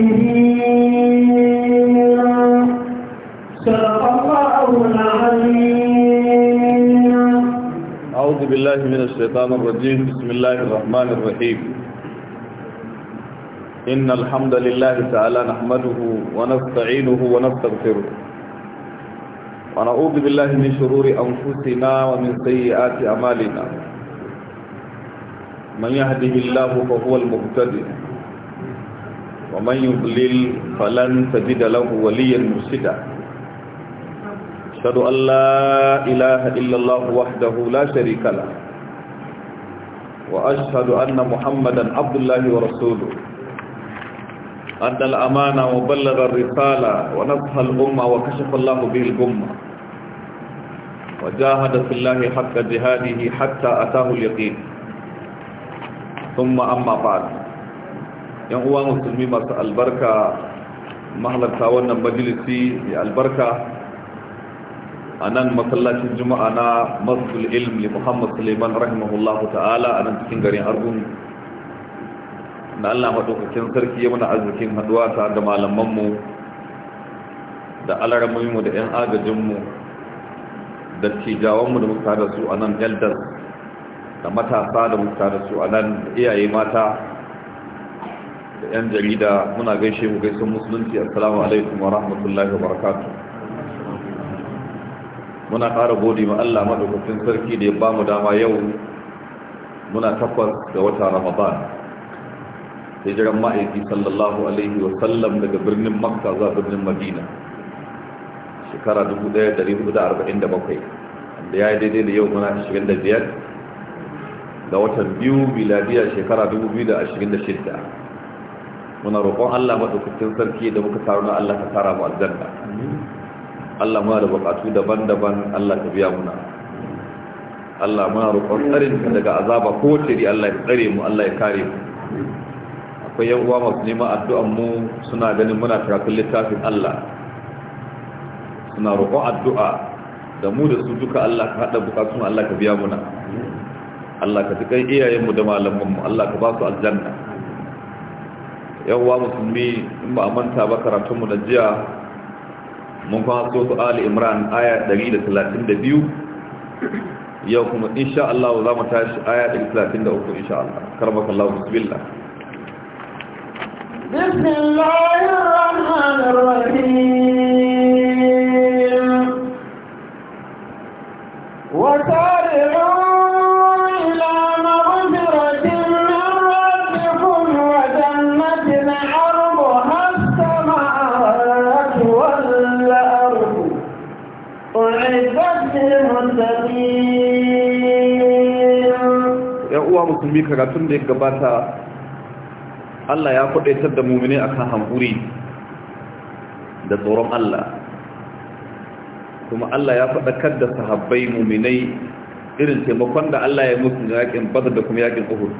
أعوذ بالله من الشيطان الرجيم بسم الله الرحمن الرحيم إن الحمد لله تعالى نحمده ونستعينه ونستغفره ونعوذ بالله من شرور أنفسنا ومن سيئات أمالنا من يهده الله فهو المهتدي ومن يضلل فلن تجد له وليا مرشدا أشهد أن لا إله إلا الله وحده لا شريك له وأشهد أن محمدا عبد الله ورسوله أدى الأمانة وبلغ الرسالة ونصح الأمة وكشف الله به الأمة وجاهد في الله حق جهاده حتى أتاه اليقين ثم أما بعد yan uwa musulmi masu albarka mahalarta wannan majalisi mai albarka a nan masallacin juma'a na masjidul ilm li muhammad suleiman rahimahullahu ta'ala a nan cikin garin argun da allah maɗaukakin sarki ya arzikin haɗuwa ta da malamanmu da alaramunmu da 'yan agajinmu da cijawanmu da muka da su a nan elders da matasa da muka da su a nan iyaye mata 'yan jarida muna gaishe mu gaisun musulunci assalamu alaikum wa rahmatullahi wa barakatu muna ƙara godi ma Allah maɗaukacin sarki da ya ba mu dama yau muna takwas da wata ramadan jiran ma'aiki sallallahu alaihi wa sallam daga birnin makka zuwa birnin madina shekara 1447 da ya yi daidai da yau muna 25 da watan biyu miladiya shekara 2026 muna roƙon Allah madaukakin sarki da muka taru na Allah ka tara mu aljanna Allah muna da buƙatu daban-daban Allah ka biya muna Allah muna roƙon tsarin ka daga azaba ko tiri Allah ya tsare mu Allah ya kare mu akwai yan uwa masu neman addu'an mu suna ganin muna karatun littafin Allah suna roƙon addu'a da mu da su duka Allah ka haɗa buƙatun Allah ka biya muna Allah ka tukan iyayenmu da malamanmu Allah ka ba su aljanna yawwa musulmi in ba a manta ba karatunmu da jiya mun kuma so su ali imran aya 132 yau kuma insha Allah za mu tashi aya 133 insha Allah karbaka Allah bismillah bismillahir rahmanir rahim wa musulmi karatun da ya gabata Allah ya kudaitar da mumine akan hankuri da tsoron Allah kuma Allah ya faɗakar da sahabbai muminai irin taimakon da Allah ya musu yakin bazar da kuma yakin uhud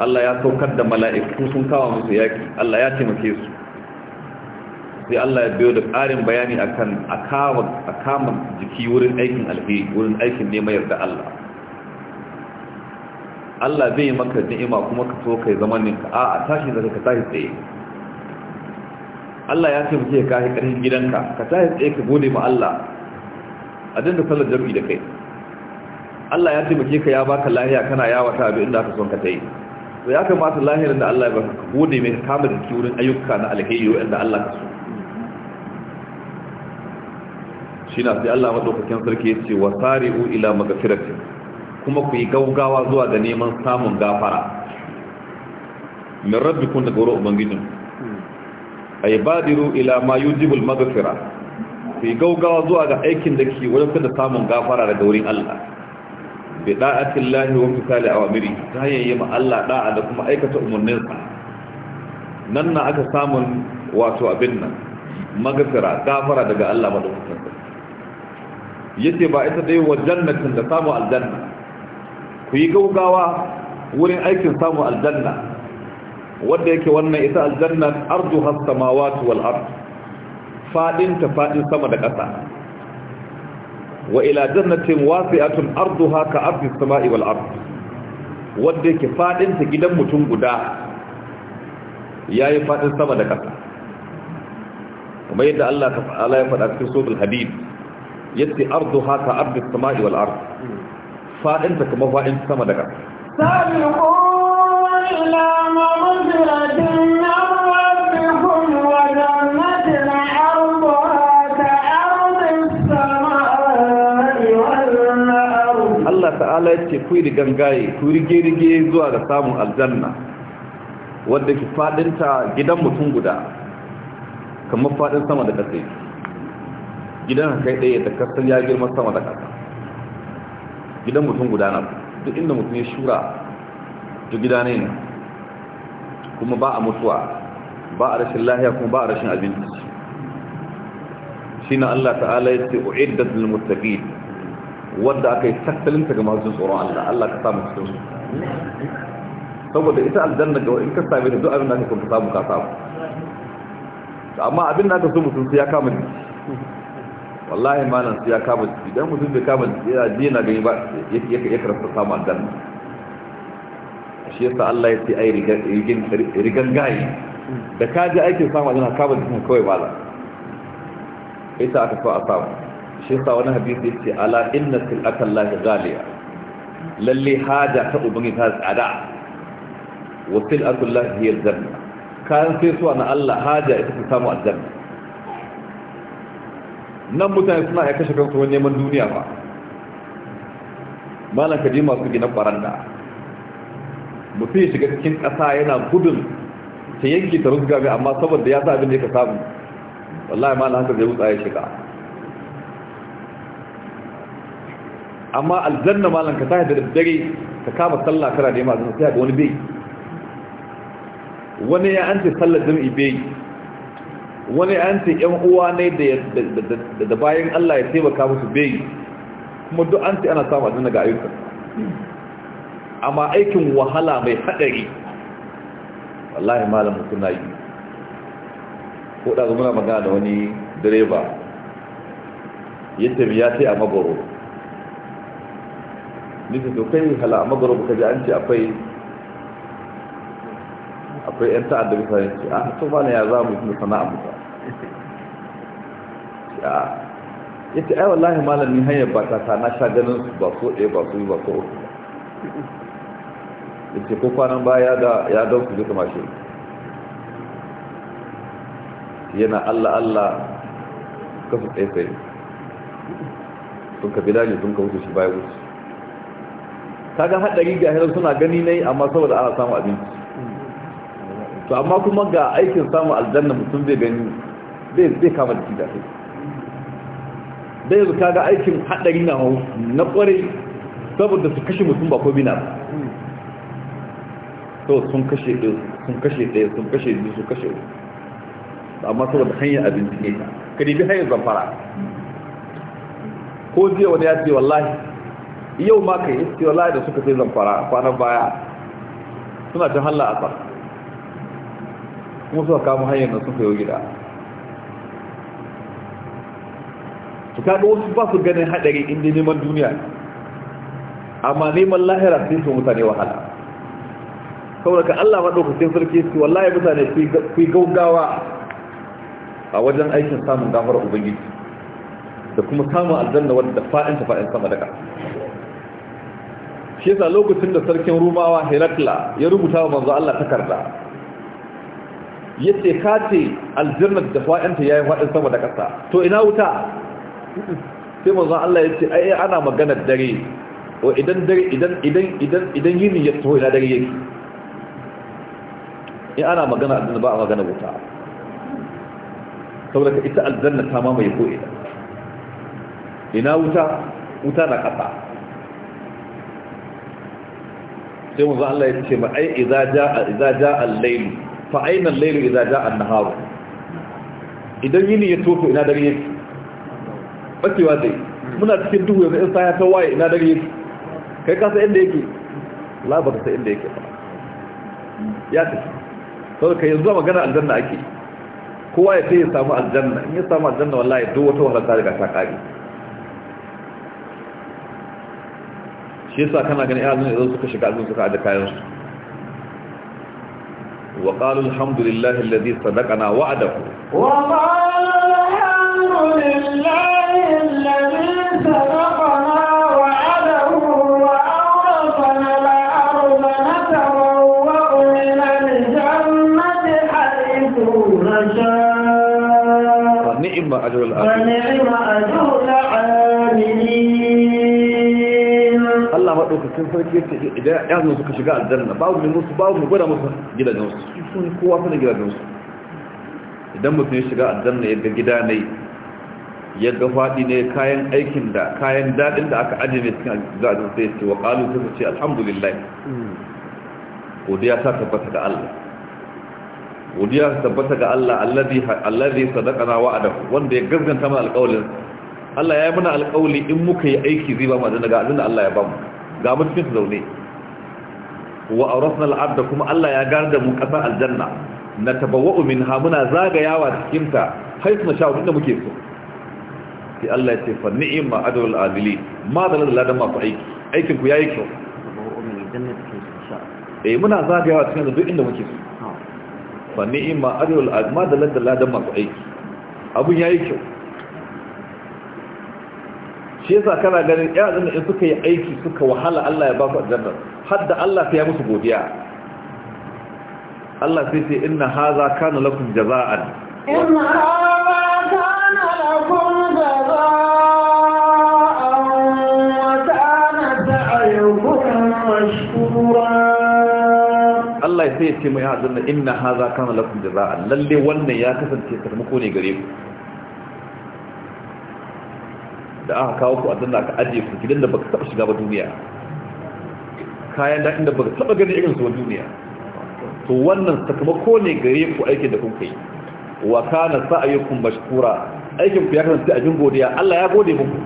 Allah ya saukar da mala'iku sun kawo musu yaki Allah ya taimake su sai Allah ya biyo da ƙarin bayani akan a kama jiki wurin aikin alheri wurin aikin neman yarda Allah Allah bai maka ni'ima kuma ka so kai zaman ninka a'a tashi zaka ka tashi tsaye Allah ya ce mu ka kai karfin gidanka ka tashi tsaye ka gode ma Allah a dinda sallar jami'i da kai Allah ya ke ka ya baka lahiya kana yawata abin da aka son ka tai to ya kamata lahirin da Allah ya baka ka gode mai ka kama da kiwurin ayyuka na alheri wanda Allah ka so shi na sai Allah madaukakin sarki ya ce wa ila magfiratin kuma ku yi gaugawa zuwa ga neman samun gafara min kun daga wurin ubangijin ay badiru ila ma yujibul magafira. ku yi gaugawa zuwa ga aikin da ke wajen da samun gafara daga wurin Allah bi da'ati Allah wa misali a awamiri ta hanyar yi ma Allah da'a da kuma aikata umarninsa nan na aka samun wato abin nan magafira gafara daga Allah madaukakin yace ba ita dai wa jannatin da samu aljanna ku yi gaugawa wurin aikin samun aljanna wanda yake wannan ita aljanna ardu has samawati watu ard fadin ta fadin sama da ƙasa wa ila jannatin wasi'atun arduha haka, ardi samai wal ard wanda yake fadin ta gidan mutum guda ya yi fadin sama da ƙasa kuma yadda Allah ta'ala ya faɗa cikin suratul hadid yadda arduha haka, ardi samai wal ard fadinta kuma fadin sama da ƙasa Allah ta'ala yake ku yi gangaye ku rige-rige zuwa ga samun aljanna wadda ki fadinta gidan mutum guda kamar fadin sama da ƙasa gidan kai ɗaya da kasar ya girma sama da ƙasa gidan mutum gudanar, duk inda mutum ya shura duk gida ne kuma ba a mutuwa ba a rashin lahiya kuma ba a rashin abinci shi na Allah ta'ala ya ce u'iddat lil muttaqin Wadda aka yi tattalin ta ga masu tsoron Allah Allah ka samu cikin su saboda ita aljanna ga in ka same ta duk abin da aka kuma samu ka samu amma abin da aka so mutum sai ya kama jiki wallahi malam sai ya kama jiki dan mutum bai kama jiki ya ji na gani ba ya karanta samu aljanna shi yasa Allah ya ce ai rigan rigan gayi da ka ji aikin samu aljanna kama jikin kawai ba yi ita aka so a samu shi yasa wani hadisi ce ala inna silatallahi ghaliya lalle haja ta ubangi ta tsada wa silatullahi hiya zanna kayan sai suwa na Allah haja ita ta samu aljanna nan mutane suna ya kashe kansu wani neman duniya ba malan kaji masu gina baranda mutum ya shiga cikin ƙasa yana gudun ta yanki ta rusga mai amma saboda ya sa abin da ya ka samu wallahi malan haka zai wutsa ya shiga amma aljanna malan ka tashi da daddare, ka kama sallah kana neman zan sai ga wani bai wani ya an ce sallar jami'i bai wani an ce yan uwa ne da bayan Allah ya taimaka musu bai kuma duk an ce ana samu adina ga ayyukan amma aikin wahala mai haɗari wallahi malam mutu na yi ko da muna magana da wani direba ya tafi ya ce a magoro nisa to kai hala a magoro ba kaji an ce akwai akwai 'yan ta'adda bisa yanci a to ba na ya za mu yi sana'a mutum ita ai wallahi malamin hanyar ba ta na sha ganin su ba ko ɗaya ba su yi ba ko uku ya ce ko kwanan baya ya ga su duka mashi yana allah allah ka tsaye tsaye sun ka bila ne sun ka wuce shi baya wuce ta ga haɗari ga hirar suna gani ne amma saboda ana samun abinci to amma kuma ga aikin samun aljanna mutum zai gani zai kama da shi da shi dai zuka ga aikin hadari na hau na kware saboda su kashe mutum ba ko bina ba to sun kashe ɗaya sun kashe ɗaya sun kashe biyu sun kashe amma saboda hanyar abinci ne kadi dibi hanyar zamfara ko jiya wani ya ce wallahi yau ma kai ce wallahi da suka sai zamfara kwanan baya suna ta halla a kuma suka kama hanyar na suka yi gida su kaga wasu ba su ganin haɗari inda neman duniya amma neman lahira sai su mutane wahala saboda ka Allah sai sarki su wallahi mutane su gaugawa a wajen aikin samun gafar ubangiji da kuma samun aljanna da fa'in ta fa'in sama daga shi yasa lokacin da sarkin rumawa herakla ya rubuta wa manzo Allah takarda yace kace aljanna da fa'in ta yayi fa'in sama da ƙasa to ina wuta sai manzo Allah ya ce ai ana magana dare wa idan dare idan idan idan idan yini ya taho ina dare yake in ana magana aljanna ba a magana wuta saboda ka ita aljanna ta mamaye ko ina ina wuta wuta na kasa sai manzo Allah ya ce ma ai idza jaa idza jaa al-layl fa aina al-layl idza jaa an-nahar idan yini ya taho ina dare yake bakewa zai muna cikin duhu yanzu in saya ta waye ina dare yake kai ka san inda yake laba ta inda yake ba ya tafi sau ka yanzu magana aljanna ake kowa ya sai ya samu aljanna in ya samu aljanna wallahi duk wata wahala ta riga ta kare shi yasa kana ganin ya zuwa idan suka shiga azumi suka ajiye kayan su wa qalu alhamdulillahi alladhi sadaqana wa'adahu wa qala cikin sarki yake idan yazo suka shiga aljanna babu mu musu babu mu gwada musu gidajen su sun kowa suna gidajen su idan mutum ya shiga aljanna ya ga gida ne ya ga faɗi ne kayan aikin da kayan daɗin da aka ajiye ne cikin zaɗin sai ce wa ƙalu ta ce alhamdulillah godiya ta tabbata ga Allah godiya ta tabbata ga Allah allazi sadaqana wa'adahu wanda ya gazganta mana alƙawlin Allah ya yi mana alƙawli in muka yi aiki zai ba mu da ga abinda Allah ya ba mu ga mun cikin zaune wa awrasna al'abda kuma Allah ya gar da mu ƙasar aljanna na tabawwa'u minha muna zagayawa cikin ta haisu na sha da muke so sai Allah ya ce fa ni'ma adul amili ma da ladan masu aiki aikin ku yayi kyau eh muna zagayawa cikin duk inda muke so fa ni'ma adul ma da ladan masu aiki abun yayi kyau shi yasa kana ganin ƴaƴan in suka yi aiki suka wahala Allah ya ba su aljanna hadda Allah sai ya musu godiya Allah sai ce inna hadha kana lakum jazaa'an inna Allah sai ya ce mai hajjar na inna haza da za a lalle wannan ya kasance sakamako ne gare ku da aka kawo ku a aljanna aka ajiye ku gidan da baka taba shiga ba duniya kayan daɗin da inda baka taba gani irin su ba duniya to wannan sakamako ne gare ku aiki da kun kai wa kana sa'ayukum mashkura aikin ku ya kasance abin godiya Allah ya gode muku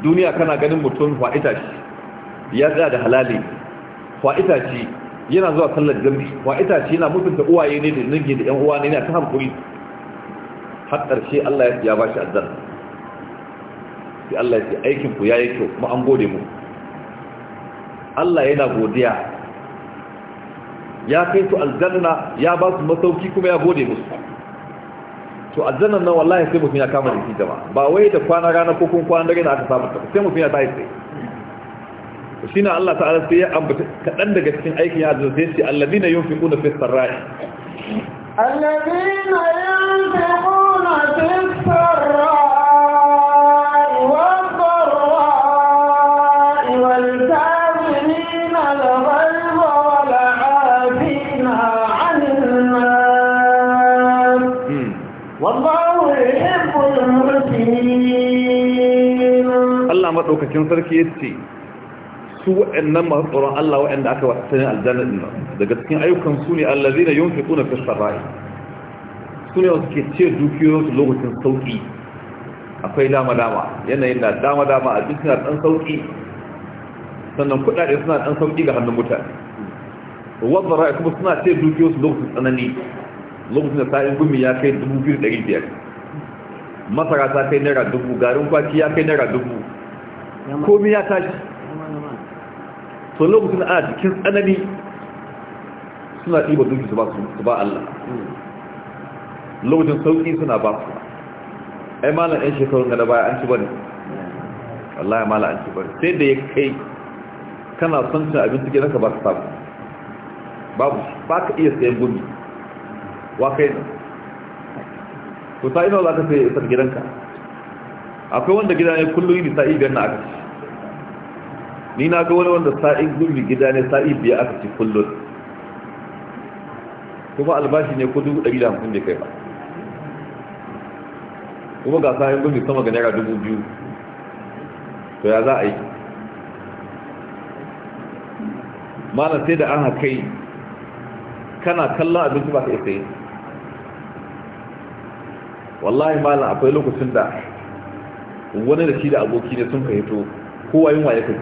duniya kana ganin mutum fa'ita shi ya tsaya da halali fa'ita shi yana zuwa sallar jami'i fa'ita shi yana mutunta uwaye ne da ninge da yan uwa ne a ta hankuri har ƙarshe Allah ya ba shi azzar sai Allah ya ce aikin ku yayi kyau kuma an gode muku Allah yana godiya ya kai su aljanna ya ba su masauki kuma ya gode musu to aljannan nan wallahi sai mutum ya kama da shi jama'a ba wai da kwana rana ko kun kwana dare na aka samu ta sai mutum ya tashi sai shi na Allah ta'ala sai ya ambata kaɗan daga cikin aikin ya aljanna sai shi alladina yunfiquna fis sarai alladina yunfiquna maɗaukakin sarki ya ce su waɗannan masu tsoron Allah waɗanda aka wasu sanin aljanna ɗin nan daga cikin ayyukan su ne Allah zai na yunfi tsuna fi sarra'i su ne wasu ke ce dukiyoyinsu lokacin sauƙi akwai dama-dama yanayin na dama-dama a jikin ɗan sauƙi sannan kuɗaɗe suna ɗan sauƙi ga hannun mutane wanda ra'ayi kuma suna ce dukiyoyinsu lokacin tsanani lokacin da sa'in gumi ya kai dubu biyu ɗari biyar masara ta kai naira dubu garin kwaki ya kai naira dubu komi ya tashi to lokacin a cikin tsanani suna ɗiba duki su ba Allah lokacin sauƙi suna ba su ai malam ɗan shekarun gada baya an ci bane Allah ya malam an ci bane sai da ya kai kana son cin abinci gidan ka ba su samu babu ba ka iya sayan gumi wa kai ne to ta ina za ka sai ya gidanka akwai wanda gida ne kullum yini sa'i biyar na aka ci ni na ga wani wanda sa'i gurbi gida ne sa'i biyar aka ci kullum kuma albashi ne ko dubu ɗari da hamsin da kai ba kuma ga sa'in gurbi sama ga naira dubu biyu to ya za a yi malam sai da an yi. kana kallon abinci ba ka isa yi wallahi malam akwai lokacin da wani da shi da aboki ne sun ka hito kowa yin waye kai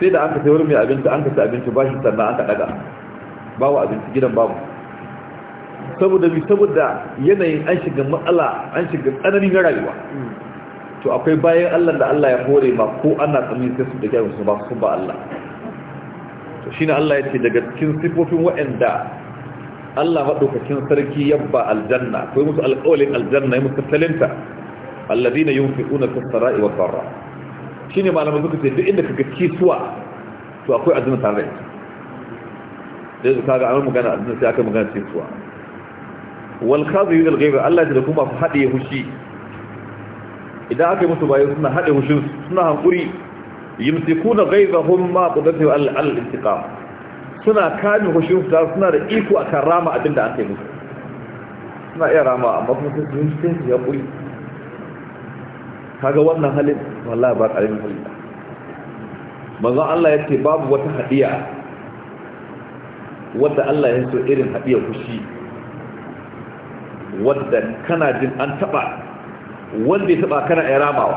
sai da aka sayar mai abinci an ka ci abinci ba shi sannan an ka daga babu abinci gidan babu saboda bi saboda yanayin an shiga matsala an shiga tsananin na rayuwa to akwai bayan Allah da Allah ya hore ma ko ana tsamin sai su da kyawun su ba su ba Allah to shine Allah ya ce daga cikin sifofin waɗanda Allah maɗaukakin sarki yabba aljanna ko musu alƙawalin aljanna ya musu talinta alladhina yunfiquna fi sarai wa sarra shine malaman suka ce duk inda kaga kisuwa to akwai azumin tare da su kaga an magana azumin sai aka magana kisuwa wal khazir al ghayb Allah da kuma fa hade hushi idan aka yi musu bayan suna hade hushin suna hankuri yimsikuna ghaybahum ma qadatu al al intiqam suna kame hushin su suna da iko a karama abinda aka yi musu suna iya rama amma kuma sun yi hankuri kaga wannan halin wallahi ba karamin halin ba manzo Allah ya ce babu wata hadiya wadda Allah ya so irin hadiyar fushi wadda kana jin an taba wanda ya taba kana ya ramawa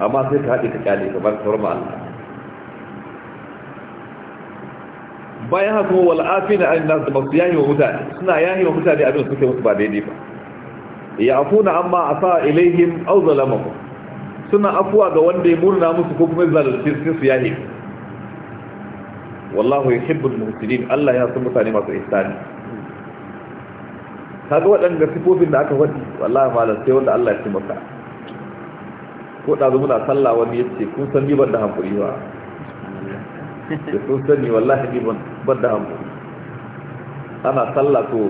amma sai ka haɗe ka kyale ka bar tsorma Allah bayan haka kuma wal'afi na ainihin nasu da masu yahi wa mutane suna yahi wa mutane abin suke musu ba daidai ba afuna amma a asa ilaihim aw zalamahum suna afuwa ga wanda ya murna musu ko kuma zalunci su yahi wallahu yuhibbul muhsinin Allah ya san mutane masu ihsani kaga waɗanda sifofin da aka faɗi wallahi malam sai wanda Allah ya ci maka ko da muna sallah wani yace kun san ni ban da hankuri ba da kun sani wallahi ni ban da hankuri ana sallah to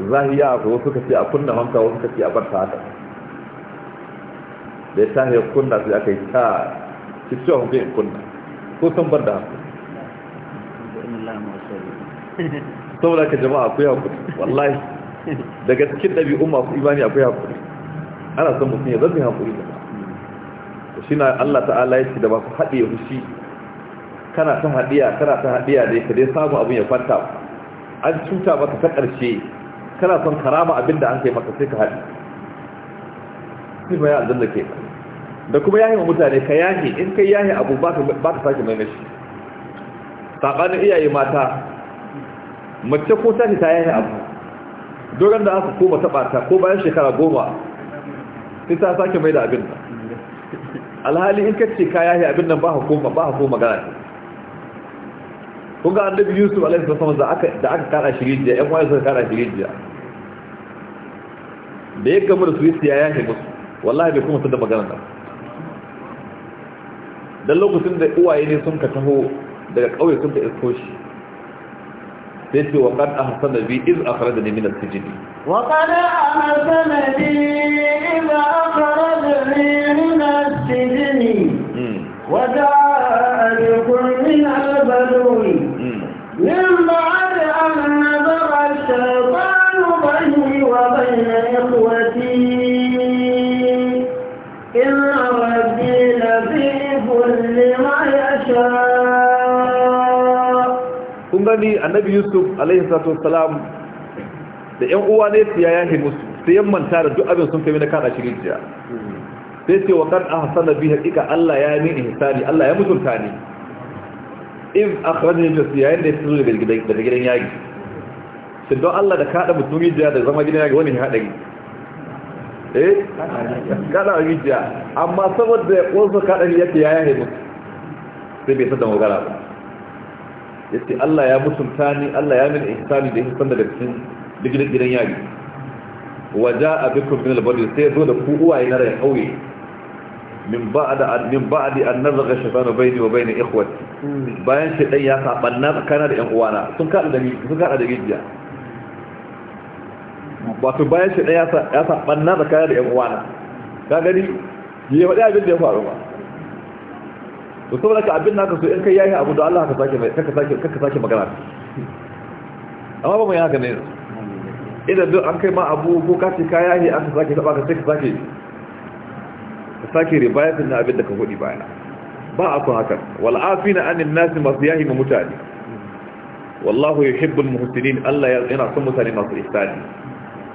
zahiya akwai wasu kace a kunna hamsa wasu kace a barta haka da ya tahi kunna sai aka yi ta cikin hukai in kunna ko san bar da haka saboda ka jama'a akwai hakuri wallahi daga cikin ɗabi'un masu imani akwai hakuri ana son mutum ya zarfi hakuri da ba shi na Allah ta'ala ya ce da masu haɗe fushi. kana ta haɗiya kana ta haɗiya da ya ka dai samu abin ya kwanta an cuta ba ta ta ƙarshe kana son karama abinda an kai maka sai ka haɗi shi ba ya da ke da kuma yahi ma mutane ka yahi in kai yahi abu ba ka sake mai nashi saɓanin iyaye mata mace ko tashi ta yahi abu dogon da aka koma taɓa ta ko bayan shekara goma sai ta sake mai da abin alhali in ka ce ka yahi abin nan ba ka koma ba ka kun ga annabi yusuf alaihi wasallam da aka da aka kada shi rijiya ƴan wani suka kada shirin jiya da ya gama da su yi ya yake musu wallahi bai kuma su da magana ba don lokacin da uwaye ne sun ka taho daga ƙauye sun ka isko shi sai ce wa qad ahsana bi iz akhrajani min as-sijn wa qad ahsana bi iz akhrajani min as-sijn hmm. wa ja'a bikum min al-balun إخوتي إن ربي لما يشاء kun gani annabi yusuf alaihi salatu wassalam da yan uwa ne su yaya he musu sai yan manta da duk abin sun kai na kada shi rijiya sai ce wa kan ahsana bi hakika Allah ya yi ihsani Allah ya mutunta ni in akhrajni min siyayin da su daga gidan yaki sai don Allah da kaɗa mutum rijiya da zama gina ga wani haɗari eh kada rijiya amma saboda wasu kada rijiya yake yaya haimu sai bai sadan wagara ba ya ce Allah ya mutunta ni Allah ya mini ihsani da ihsan daga cikin digirin gidan yari waja a bikin min albadi sai zo da ku uwaye na rai kauye min ba'da min ba'di an nazaga shaytanu bayni wa bayni ikhwati hmm. bayan dan ya sabanna kana da yan uwana sun kada da sun kada da rijiya wato bayan shi ɗaya ya saɓanna da kayan da ‘yan uwana ka gani yi faɗi abin da ya faru ba to saboda ka abin naka so in kai yayi abu da Allah ka sake ka sake ka sake magana amma ba mu yaka ne idan duk an kai ma abu ko ka ce ka yayi an sake taba ka sai ka sake ka sake ribayatin na abin da ka gudi baya ba a so haka wal afina anin masu masiyahi mu mutane wallahu yuhibbul muhsinin Allah yana son mutane masu ihsani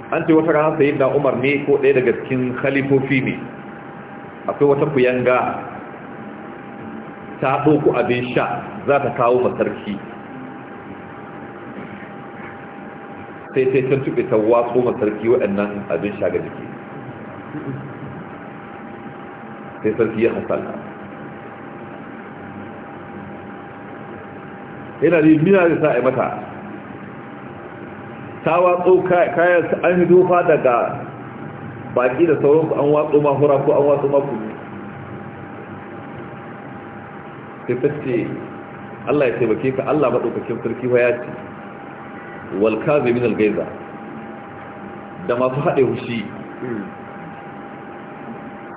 an ce wata rana sayi na umar ne ko ɗaya daga cikin khalifofi ne akwai wata kuyanga ta ɗauku abin sha za ta kawo masarki sai sai can tuɓe ta watsu masarki waɗannan abin sha ga jiki sai sarki ya hasala yana da mina da sa'a mata ta watso kayan an dofa daga baki da sauransu an watso mahura ko an watso makuni sai ta ce Allah ya taimake ka Allah maɗaukakin sarki waya ce walka zai min algaiza da masu haɗe hushi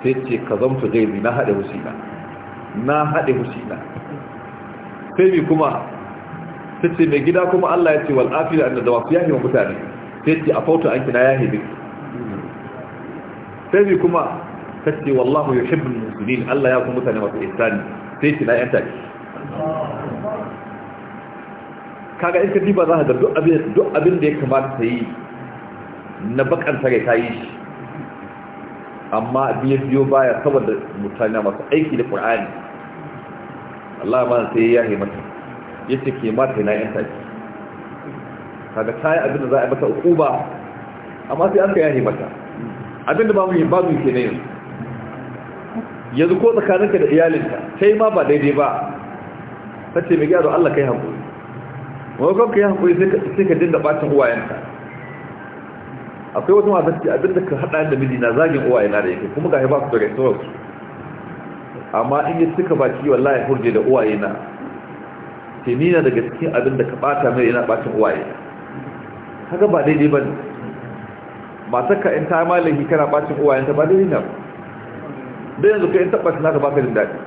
sai ce ka zamta gaizi na haɗe hushi na na haɗe hushi na sai mi kuma sai ce mai gida kuma Allah ya ce wal afi da dawa fiya ne mutane sai ce a fauta an kina yahi duk sai bi kuma sai ce wallahu ya shibbin musulmin Allah ya kuma mutane masu ihsani sai ce na yanta ki kaga in ka diba za ka ga duk abin da ya kamata ta yi na bakan sare ta yi shi amma biyo biyo baya saboda mutane masu aiki da Qur'ani Allah ma sai ya yi mata ya ce ke mata ina yan tafi kaga ta yi abinda za a yi mata uku ba amma sai an ka yahe mata abinda ba mu yi babu ke na yanzu yanzu ko tsakaninka da iyalinka sai ma ba daidai ba ta ce mai gyaro Allah kai hankuri maimakon ka yi hankuri sai ka dinda bacin uwayenka akwai wata masu ce abinda ka haɗa da miji na zagin uwayena da yake kuma ga ba su da gaisuwarsu amma in yi suka baki wallahi hurje da uwayena sai ni na daga cikin abin da ka bata mai yana bacin uwaye kaga ba daidai ba ne matar ka in ta malahi kana bacin uwayen ta ba daidai ne da yanzu ka in tabbata naka baka jin daɗi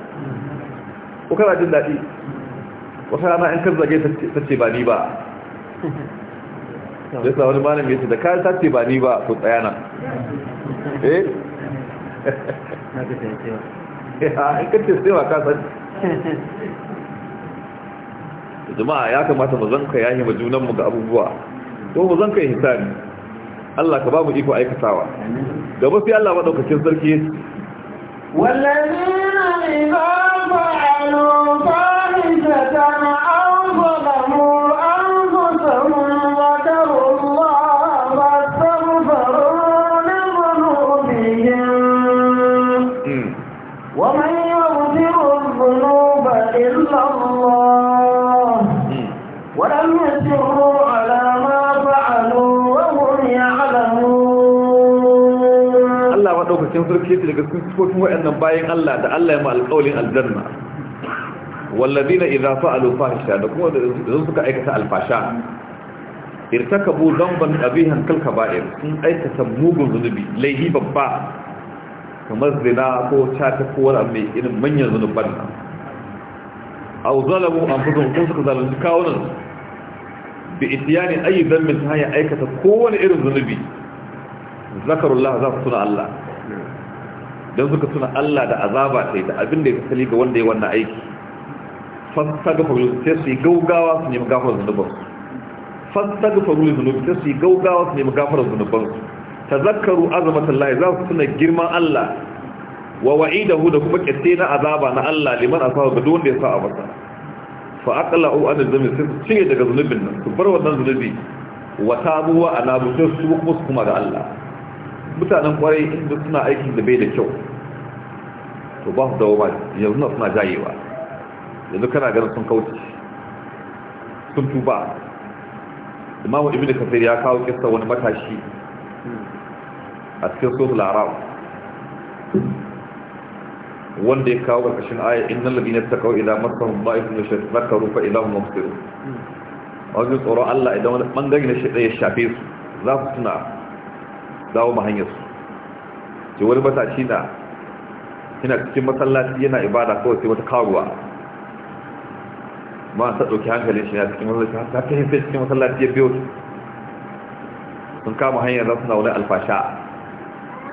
ko kana jin daɗi wata rana in ka zage ta ce ba ni ba da yasa wani malami ya ce da kayan ta ce ba ni ba ko tsaya eh? na eh in ka ce ce ba ka san. jama'a ya kamata mu zanka yayi mu junan mu ga abubuwa to mu zanka ihsani Allah ka ba mu iko aikatawa gaba sai Allah madaukakin sarki yace wallazina idza fa'alu fa'idatan aw zalamu anfusahum zakaru Allah fastaghfiru li ولم يسروا على ما فعلوا وهم يعلمون الله ودوكتين سركي daga cikin sifofin wayannan bayan Allah da Allah ya ma alƙawlin aljanna walladina idza fa'alu fahisha da kuma da suka aikata alfasha irtakabu dhanban qabihan kal kaba'ir sun aikata mugun zunubi laihi babba kamar zina ko chata ko wani mai irin manyan zunuban nan aw zalamu anfusahum kun suka zalunci kawunan bi isyani ayi dhanbin ta hanyar aikata kowane irin zunubi zakarullah za su tuna Allah Don suka tuna Allah da azaba sai da abin da ya kasali ga wanda ya wannan aiki fastagfaru sai su yi gaugawa su nemi gafarar zunuban sai su yi gaugawa su nemi gafarar zunuban su tazakkaru azamatallahi za su tuna girman Allah wa wa'idahu da kuma kette na azaba na Allah liman asawar ga duk wanda ya sa a masa fa aqla'u an al-dhanbi sai daga zunubin nan su bar wannan zunubi wa tabu wa anabu sai su kuma su kuma ga Allah mutanen kwarai inda suna aikin da bai da kyau to ba su dawo ba yanzu na suna jayewa yanzu kana ganin sun kauce sun tuba imamu ibnu kafir ya kawo kissa wani matashi a cikin sura al-arab wanda ya kawo ƙarƙashin aya innal ladina taqaw idza massahum ba'ithun yashfakaru fa idahum mubsirun wajen tsoro Allah idan wani bangare na shaɗa ya shafe su za su suna dawo ma hanyar su ce wani matashi na yana cikin masallaci yana ibada kawai sai wata karuwa ma ta ɗauki hankalin shi na cikin masallaci ta ta sai cikin masallaci ya biyo sun kama hanyar za suna wani alfasha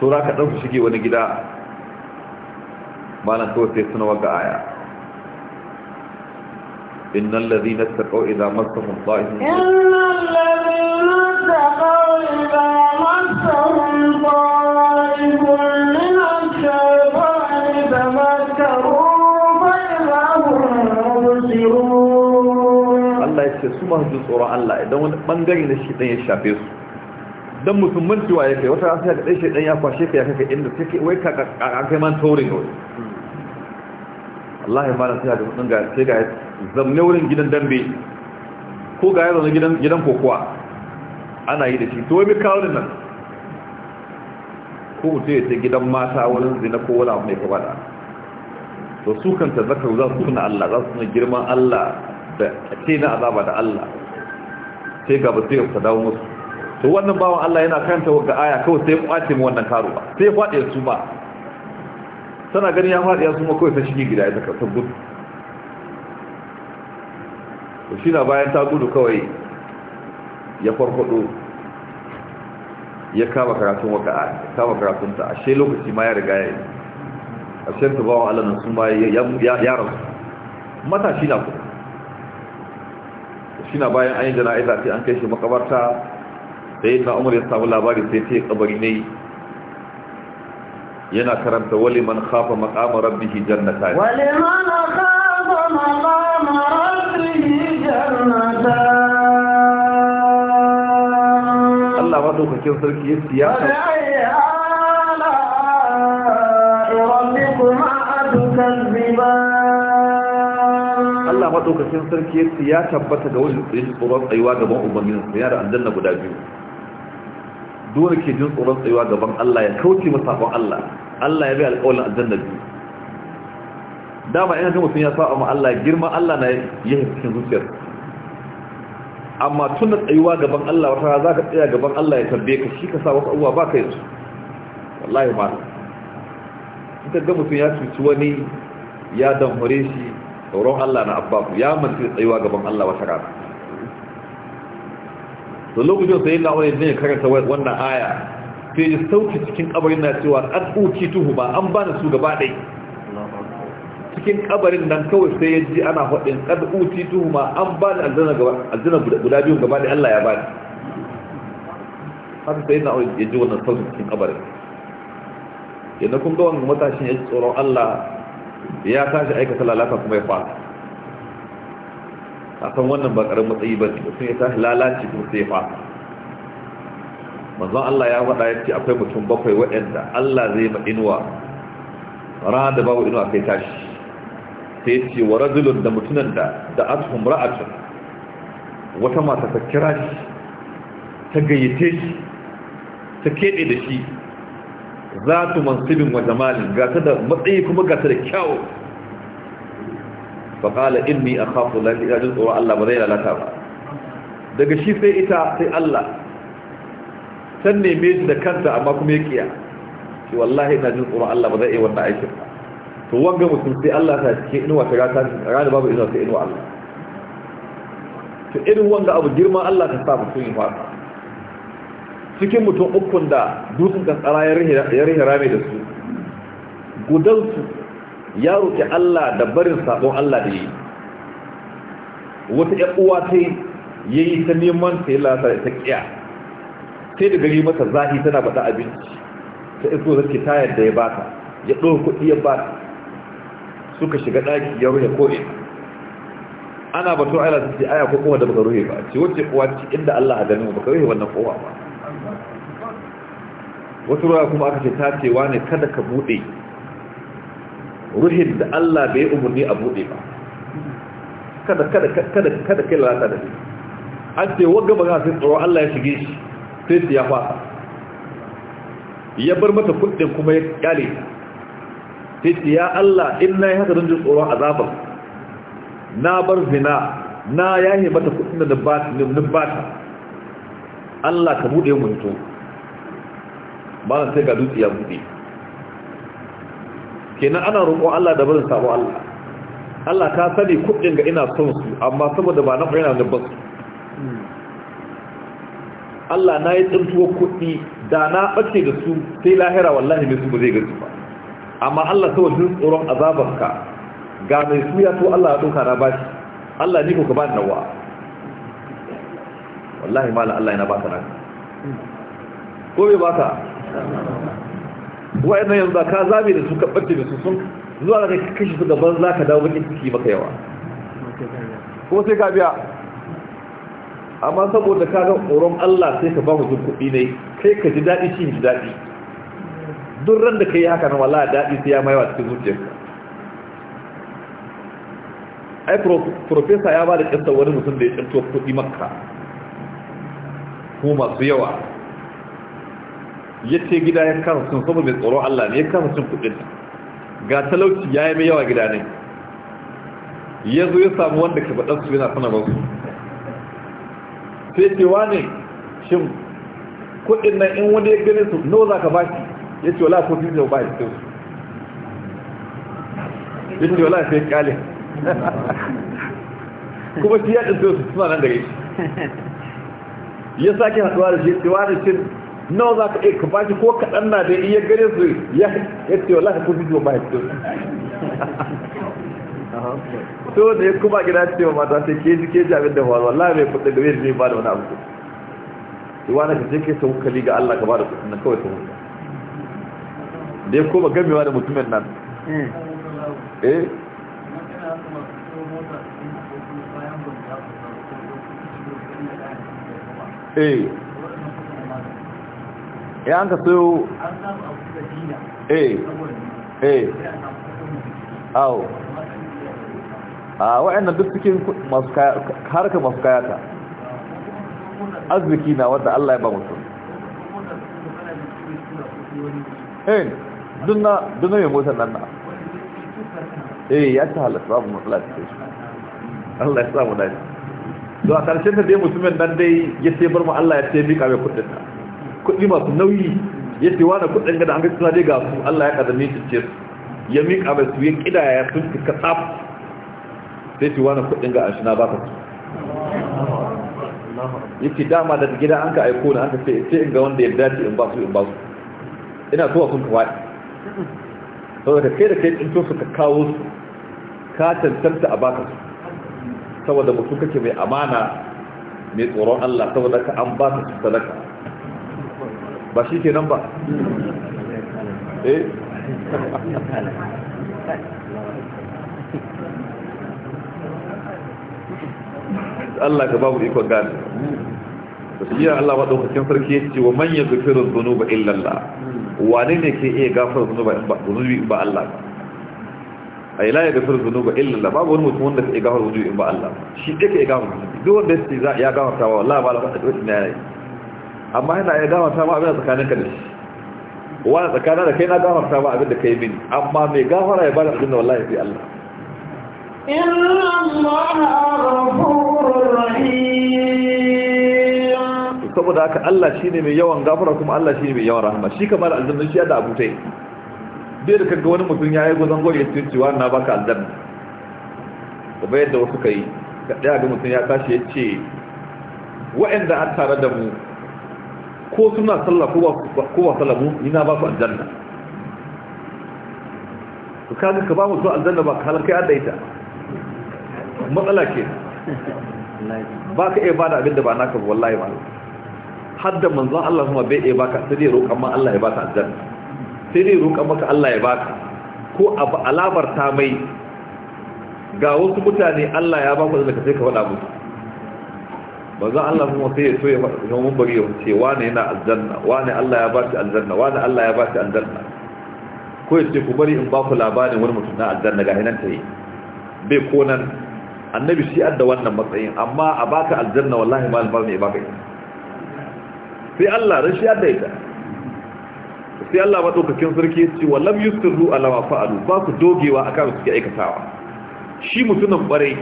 za ka ɗan su shige wani gida malam kawai sai suna waga aya innan lalzi na taɓa idan masu hun ba'in Allah ya ce su mahajin tsoron Allah idan wani ɓangare na shi ɗan ya shafe su don musulman cewa ya kai wata rasu ya kaɗai shaidan ya kwashe ka ya kai inda suke wai ka an kai man taurin yau Allah ya mara sai da mutum ga ce ga zamne wurin gidan dambe ko ga ya gidan gidan kokowa ana yi da shi to wani kawo nan ko mutum ya ce gidan mata wurin zina ko wani abu mai kaba da to su kanta zaka za su suna Allah za su suna girman Allah da ce na azaba da Allah sai ga ba sai ka dawo musu to wannan bawan Allah yana kanta ga aya kawai sai kwace mu wannan karuwa sai faɗi su ba tana gani ya faɗi su ma kawai ta shige gida ita ka gudu to shi na bayan ta gudu kawai ya farfado ya kama karatun waka aya kama karatun ta ashe lokaci ma ya riga ya yi ashe ta bawan Allah nan su. ma ya rasu matashi na kuma shi na bayan an yi jana'iza sai an kai shi makabarta sai na umar ya samu labari sai ce kabari ne yana karanta wali man khafa maqama rabbihi jannata wali man khafa maqama rabbihi jannata Allah ba dokokin sarki ya siyasa Allah madaukakin sarki ya tabbata ga wani tsoron tsayuwa gaban umarninsa ya da aljanna guda biyu dole ke jin tsoron tsayuwa gaban Allah ya kauce masakon Allah Allah ya bai alƙawarin aljanna biyu dama ina ga mutum ya sa amma Allah girma Allah na yi cikin zuciyar amma tun da tsayuwa gaban Allah wata za ka tsaya gaban Allah ya tarbe ka shi ka sa wasu abubuwa ba ka yi su wallahi ma ita ga mutum ya cuci wani ya damhure shi tsoron Allah na abba ya manci tsayuwa gaban Allah wata rana to lokacin sai Allah wani ne karanta wannan aya sai ya sauki cikin kabarin na cewa an uki tuhu ba an bani su gaba dai cikin kabarin nan kawai sai ya ji ana faɗin kad uki, tuhu ma an bani aljanna gaba aljanna guda biyu gaba dai Allah ya bani haka sai na ya ji wannan sauki cikin kabarin yadda kun ga wannan matashin ya tsoron Allah ya tashi aikata lalata kuma ya fata Akan wannan ba karin matsayi ba sun ya tashi lalace kuma sai fata manzon Allah ya faɗa ya ce akwai mutum bakwai waɗanda Allah zai ma inuwa rana da babu inuwa kai tashi sai ce wa rajulun da mutunan da da adhum ra'atun wata mata ta kira shi ta gayyace shi ta keɓe da shi za su mansibin wa jamalin ga ta da matsayi kuma ga ta da kyau. faƙala inni a kafin lafi ya jin tsoro Allah ba zai lalata ba daga shi sai ita sai Allah san neme shi da kanta amma kuma ya kiya Ki wallahi ina jin tsoro Allah ba zai yi wannan aikin ba to wanga mutum sai Allah ta cikin inuwa ta rata rana babu inuwa sai inuwa Allah to irin wanga abu girma Allah ta sa mutum ya fara cikin mutum ukun da dutsen kan tsara ya rihira mai da su gudansu ya roƙi Allah da barin sabon Allah da yi wata ƴaƙuwa ta yi ya yi ta neman ta yi lasa ta ƙiya sai da gari mata zahi tana bata abinci ta iso zarki tayar da ya ba ta ya ɗora kuɗi ya ba ta suka shiga ɗaki ya ruhe ko'ina ana batun aila ta ce aya ko kuma da baka ruhe ba ce wacce kuwa ci inda Allah a ganin baka ruhe wannan kowa ba wasu ruwa kuma aka ce ta ce ne kada ka buɗe ruhin da Allah bai umarni a bude ba kada kada kada kada kai lalata da shi an ce wagga ba za sai tsoro Allah ya shige shi sai su ya fasa ya bar mata kuɗin kuma ya kyale sai ce ya Allah in na yi haka don jin tsoron azabar na bar zina na yahe mata kuɗin da nubbata Allah ka bude mu hito ba sai ga dutse ya buɗe kenan ana roƙon Allah da barin sabo Allah Allah ka sani kuɗin ga ina son su amma saboda ba na fara da basu Allah na yi tsintuwar kuɗi da na ɓace da su sai lahira wallahi mai su ba zai gaji ba amma Allah saboda jin tsoron azabarka ga mai su ya to Allah ya ɗauka na bashi Allah ni ko ka ba nawa wallahi mala Allah yana baka naka ko bai baka wa'annan yanzu ka zabe da su ka ɓarce da su sun zuwa da ka kashe su gaban za ka dawo baki ciki maka yawa ko sai ka biya amma saboda ka ga tsoron Allah sai ka ba duk kuɗi ne kai ka ji daɗi shi ji daɗi duk ran da ka yi haka na wala daɗi sai ya wa cikin zuciyarka ai profesa ya ba da ƙasar wani mutum da ya ƙasar kuɗi maka, ko masu yawa ya ce gida ya kasa sun saba mai tsoron Allah ne ya kasa sun kudin ga talauci ya yi mai yawa gida ne ya zo ya samu wanda ka faɗa su yana sana basu sai ce wane shi kudin nan in wani ya gani su nawa za ka ba shi ya ce wala ko fiye ba shi su ya ce wala sai kale kuma shi ya ɗin su suna nan da gaishe ya sake haɗuwa da shi ya da shi na za ka ka ba shi ko kaɗan na da iya gare su ya ce ka ko bidiyo ba ya ce uh-huh. to da ya kuma gida ce wa mata sai keji keji abin da faru wallahi mai kuɗi da wani zai ba da wani abu yi wani ka ce kai saukali ga Allah ka ba da kuɗi na kawai saukali da ya kuma gamewa da mutumin nan hmm. eh eh ya an ka sayo eh eh awo a waɗannan duk cikin harka masu kayata arziki na wadda Allah ya ba mutum eh dunna dunna mai motar nan na eh ya ta halatta babu matsala ta shi Allah ya samu dace to a karshen da dai mutumin nan dai ya ce bar mu Allah ya ce mika mai kudin ta kuɗi masu nauyi ya ce wani kuɗin gada an ga suna dai ga su Allah ya ƙazame shi ce ya miƙa mai su ya ƙidaya sun fi katsaf sai ce wani kuɗin ga ashina shi na ba ka su ya ce dama daga gida an ka aiko na an ka sai in ga wanda ya dace in ba su in ba su ina zuwa sun kawai saboda kai da kai in to su ka kawo su ka tantanta a baka su saboda mutum kake mai amana mai tsoron Allah saboda ka an ba su sadaka ba shi ke nan ba eh Allah ka babu ikon gane gaskiya Allah wa daukakin sarki ce wa man yaghfiru zunu ba illallah. wane ne ke iya gafara ba in ba dhunubi ba Allah ai la yaghfiru zunu ba illallah? babu wani mutum wanda ke gafara zunu in ba Allah shi ke gafar gafara duk wanda ya gafara wa Allah ba la ba da wani ne amma yana ya ta ma abin da tsakaninka da shi wani tsakanin da kai na ta ma abin da kai mini amma mai gafara ya bada abin da wallahi fi Allah inna saboda haka Allah shi ne mai yawan gafara kuma Allah shi ne mai yawan rahama shi kamar aljanna shi da abutai bai da kaga wani mutum ya yi gudan gori ya tsinci wa na baka aljanna kuma yadda wasu kai ka daya ga mutum ya tashi ya ce wa'anda an tare da mu ko suna sallah ko ba sallah mu ina ba su aljanna su kaji ka ba musu aljanna ba ka halar kai ita. matsala ke ba ka iya ba da abin da ba naka wallahi ba hadda manzan Allah kuma bai iya baka sai dai roƙon ma Allah ya baka aljanna sai dai roƙon maka Allah ya baka ko abu alabar ta mai ga wasu mutane Allah ya ba ku da ka sai ka faɗa musu manzon Allah kuma sai ya so ya mun bari ya wuce wane yana aljanna wane Allah ya ba shi aljanna wane Allah ya ba shi aljanna ko ya ce ku bari in ba ku labarin wani mutum na aljanna ga hinanta ta yi bai ko nan annabi shi adda wannan matsayin amma a baka aljanna wallahi ma ba mai baka sai Allah shi adda ita sai Allah madaukakin sarki ya ce wallam yusturu ala fa'alu ba ku dogewa akan suke aikatawa shi mutumin bare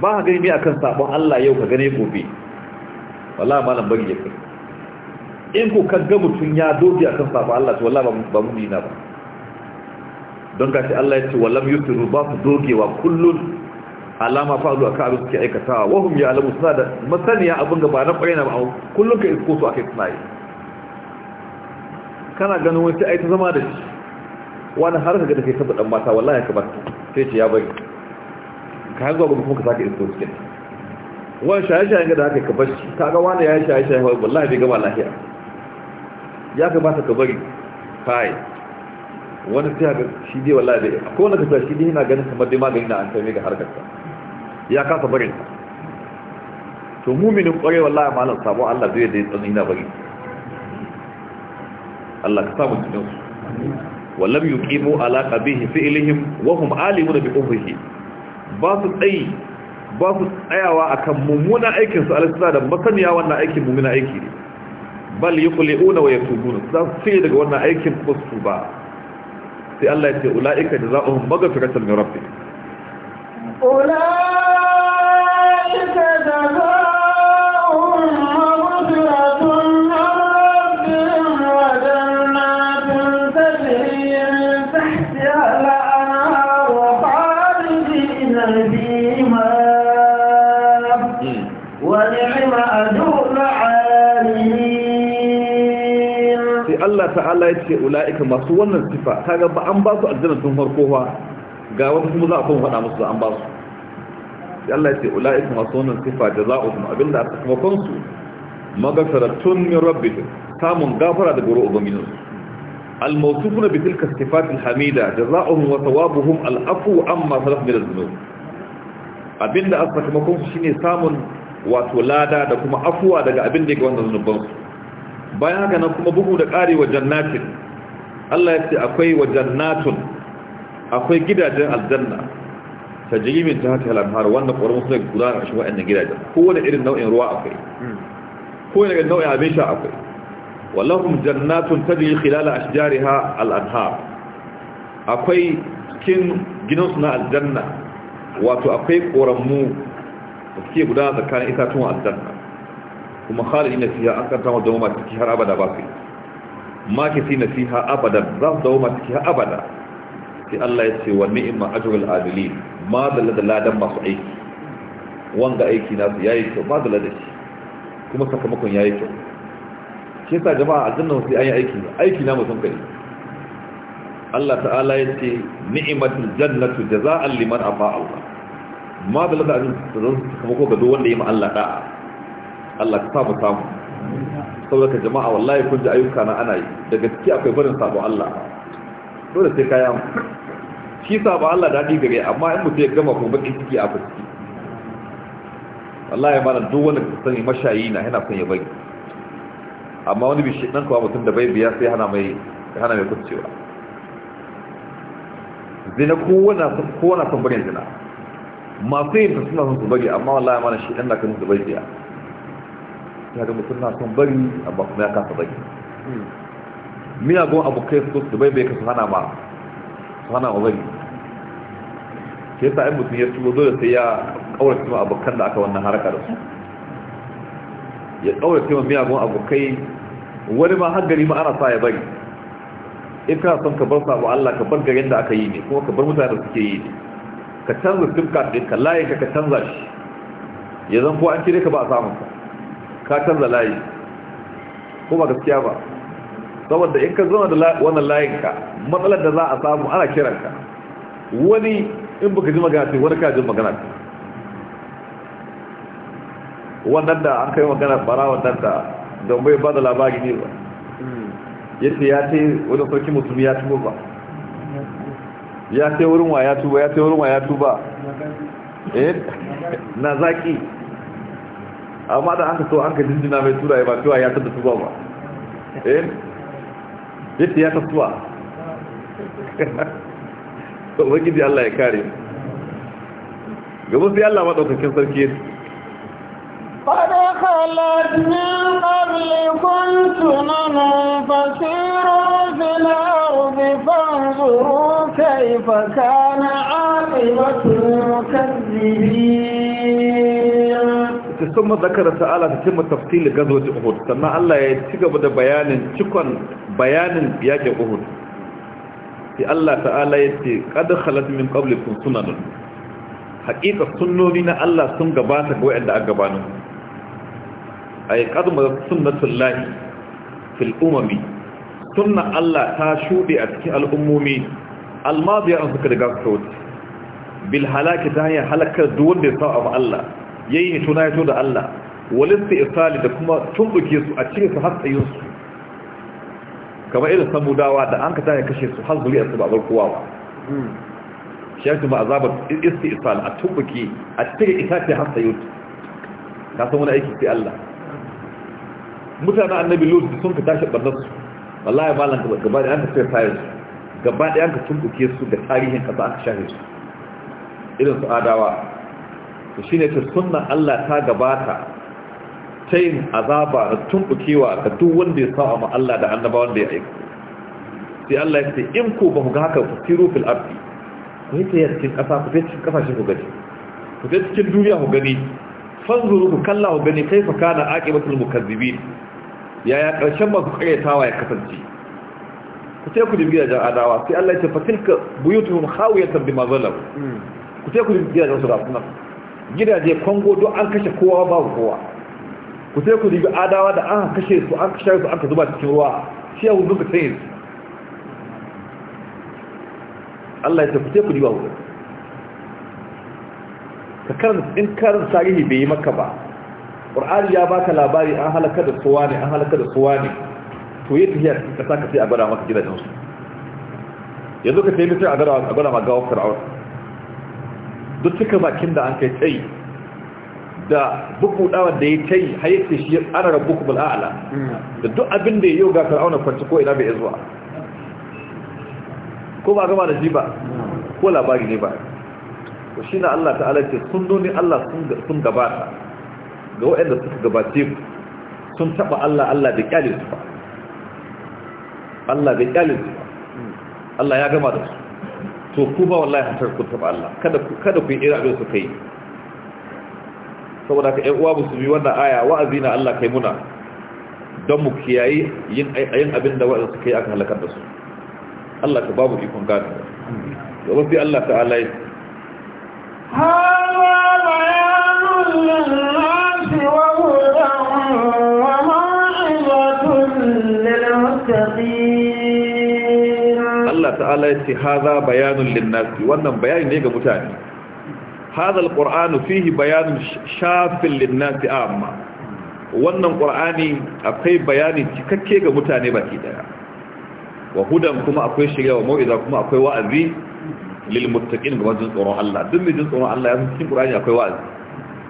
ba ka gani a kan sabon Allah yau ka gane gobe wallah malam bari ya kai in ko ka ga mutum ya doge akan sabon Allah to wallah ba mu na ba don ce Allah ya ce wallam yusiru ba su dogewa kullun alama fa aka abin suke aikatawa wahum ya alamu suna da masaniya abin gaba na ƙwarai na ba kullum ka isko su aka yi suna yi kana ganin wani sai aita zama da shi wani har ka ga da ke saboda mata wallahi ka bar sai ce ya bari ka hanga gobe kuma ka sake isko cikin wani shaye-shayen da aka ka shi ta ga wani ya yi shaye-shayen wani wallahi bai gama lahiya ya kamata ka bari kai wani sai ga shi dai wallahi bai a kowane kasa shi dai yana ganin kamar dai magani na an kai ga harkar sa ya kasa barin sa to muminin kware wallahi malam sabo Allah zai da tsanani na bari Allah ka samu cikin su ولم يقيموا على wa hum alimuna bi بقبه ba su tsayi ba su tsayawa kan mummuna aikin su alisa da masaniya wannan aikin mummuna aiki ne bal yuqliuna wa yatubuna za su ce daga wannan aikin kusu ba sai Allah ya ce ulaika jazaohum maghfiratan min rabbihim ulaika ta'ala ya ce ula'ika masu wannan sifa kaga ba an ba su aljanna tun farko ba ga wasu kuma za a kuma faɗa musu an ba su sai Allah ya ce ula'ika masu wannan sifa jaza'uhum abinda a sakamakon su magfiratun min rabbihim samun gafara daga ruwa ubangijin su al bi tilka sifat al-hamida jaza'uhum wa thawabuhum al'afu amma salaf min az-zunub abinda a sakamakon su shine samun wato lada da kuma afuwa daga abin da ya ga wannan zunubansu bayan haka nan kuma bugu da ƙari wa jannatin Allah ya ce akwai wa jannatun akwai gidajen aljanna ta jirimin ta hata halamhar wanda ƙwararrun suna gudana a shi wa'annan gidajen Ko kowane irin nau'in ruwa akwai Ko hmm. kowane irin nau'in abin sha akwai wallahum jannatun tajri khilala ashjariha ha anhar akwai cikin gidansu na aljanna wato akwai ƙoranmu da suke gudana tsakanin itatuwan aljanna kuma na fiha an karanta wa dawoma ciki har abada ba kai makisina fiha abada za su dawoma ciki har abada sai Allah ya ce wa ni'ma ajrul adilin ma dalla da ladan masu aiki wanga aiki nasu yayi kyau ba dalla da shi kuma sakamakon yayi kyau shi yasa jama'a aljanna sai an yi aiki aiki na mutum kai Allah ta'ala ya ce ni'matul jannatu jaza'an liman afa Allah ma dalla da ajrul sakamako ga duk wanda ya yi ma Allah da'a Allah ka samu samu saboda jama'a wallahi kun ji ayyuka na ana yi da gaske akwai barin sabo Allah dole sai kaya shi sabo Allah daɗi gare amma in mutum ya gama kuma baki ciki a fuski wallahi ma duk wanda ka sani mashayi na yana son ya bari amma wani bishi ɗan kawai mutum da bai biya sai hana mai hana mai kucewa zina kowane son barin zina masu yin ta suna son su bari amma wallahi ma shi ɗan na kan su bai biya ta da mutum son bari amma kuma ya kasa bari miyagun abokai su su bai bai ka su hana ma su hana ma bari ke sa in mutum ya tuwo dole sai ya kaurace ma abokan da aka wannan haraka da su ya kaurace ma miyagun abokai wani ma har gari ma ana sa ya bari in kana son ka bar sabo Allah ka bar garin da aka yi ne kuma ka bar mutane da suke yi ne ka canza sim card ɗin ka layin ka ka canza shi ya zan ko an cire ka ba a samun ka ka canza layi ko ba gaskiya ba saboda in ka zama da wannan layinka matsalar da za a samu ana kiranka wani in baka ji magana sai wani ka ji magana ce. wannan da an kai magana bara wannan da don bai ba da labari ne ba yace ya ce wani sarki musulmi ya tuba ba ya ce wurin wa ya tuba ya ce wurin wa ya tuba eh, na zaki amma da an ka so an ka jinjina mai tura ya ba cewa ya tabbata tuba ba eh yadda ya So to wakili Allah ya kare gaba sai Allah madaukakin sarki ya قد خلت من قبل كنت filar بصير في الأرض فانظروا كيف كان عاقبة da sun mazakar ta'ala ta cimma tafsili gazo ta uhud sannan Allah ya ci gaba da bayanin cikon bayanin yaƙin uhud sai Allah ta'ala ya ce ƙadar halar min ƙablikun sunanin haƙiƙa sunnoni na Allah sun gabata ga wa'anda a gabanin a yi ƙadar sunnatun lahi fil umami sunna Allah ta shuɗe a cikin al'ummomi almazu ya an suka riga bil halaki ta hanyar halakar duk wanda ya sa abu Allah yayi ne tuna yato da Allah walisti isali da kuma tumbuke su a cikin su har tsayin su kamar irin samudawa da an ka tare kashe su har a su ba bar kowa ba hmm. shi yake ba azabar isti isali a tumbuke a cikin itace har tsayin su ka san wani aiki sai Allah mutanen annabi lut sun ka tashi barnar su wallahi malan ka gaba da an ka sai tayar su gaba da an ka tumbuke su da tarihin kasa aka shahe su irin su adawa Shi ne ta sunna Allah ta gabata ta yin azaba da tumbukewa ga duk wanda ya sa'a ma Allah da annaba wanda ya aika sai Allah ya ce in ku ba mu ga haka ku tiro fil ardi ku yi tayar cikin ƙasa ku tayar cikin kasashen ku gani ku tayar cikin duniya ku gani fanzuru ku kalla ku gani kai kaifa kana aqibatul mukazzibin yaya karshen masu karyatawa ya kasance ku ce ku jirgin da adawa sai Allah ya ce fatilka buyutuhum khawiyatan bima mazalam. Hmm. ku ce ku jirgin da su da suna gidaje kwango don an kashe kowa babu kowa ku sai ku ribi adawa da an kashe su an kashe su an ka zuba cikin ruwa shi yawon zuka tsaye su Allah ya ce ku sai ku riba wurin ka karanta in karin tarihi bai yi maka ba ƙur'ani ya baka labari an halaka da suwa ne an halaka da suwa ne to yi tafiya ka sa ka sai a gwada maka su yanzu ka sai mutum a gwada ma gawar fir'aun duk suka bakin da an kai tsayi da buku dawa da ya ya hayyacin shi ana rabu ku bala'ala da duk abin da ya yi gafar auna kwanci ko ina bai zuwa ko ba gama da shi ba ko labari ne ba ko shi na Allah ta'ala ce sun doni Allah sun gabata ga waɗanda suka gabace ku sun taɓa Allah Allah da kyalin su ba Allah da kyalin su ba Allah ya gama da su to ku ba wallahi hatar ku taba Allah kada ku kada ku yi abin su kai saboda ka ƴan uwa musu bi wannan aya wa'azi na Allah kai muna don mu kiyaye yin yin abin da wa'azi kai aka halakar da su Allah ka babu ikon gani gaba sai Allah ta'ala ya hawa bayanun lillahi wa hudan wa ma'izatun lil muttaqin Allah ta'ala ya ce haza bayanun linnasi wannan bayani ne ga mutane haza alqur'anu fihi bayanun shafin linnasi amma wannan qur'ani akwai bayani cikakke ga mutane baki daya wa hudan kuma akwai shiga wa mau'iza kuma akwai wa'azi lil muttaqin ga wajen tsoron Allah duk mai jin tsoron Allah ya san cikin qur'ani akwai wa'azi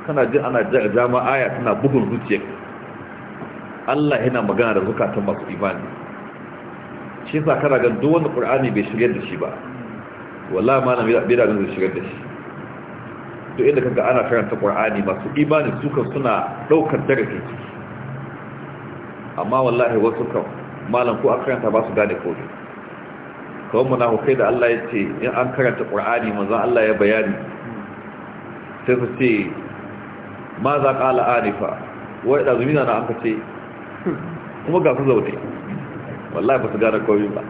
kana jin ana jama aya tana bugun zuciya? Allah yana magana da zukatan masu imani shi sa kana ga duk wanda qur'ani bai shigar da shi ba wallahi malam bai da ganin shigar da shi to inda kaga ana karanta qur'ani masu imani su kan suna daukar darasi amma wallahi wasu kan malam ko an karanta ba su gane ko ne kawai munafukai da Allah ya ce in an karanta qur'ani manzon Allah ya bayani sai su ce ma za qala anifa wai da zumina na an ka ce kuma ga su zaune wallahi ba su gane komi ba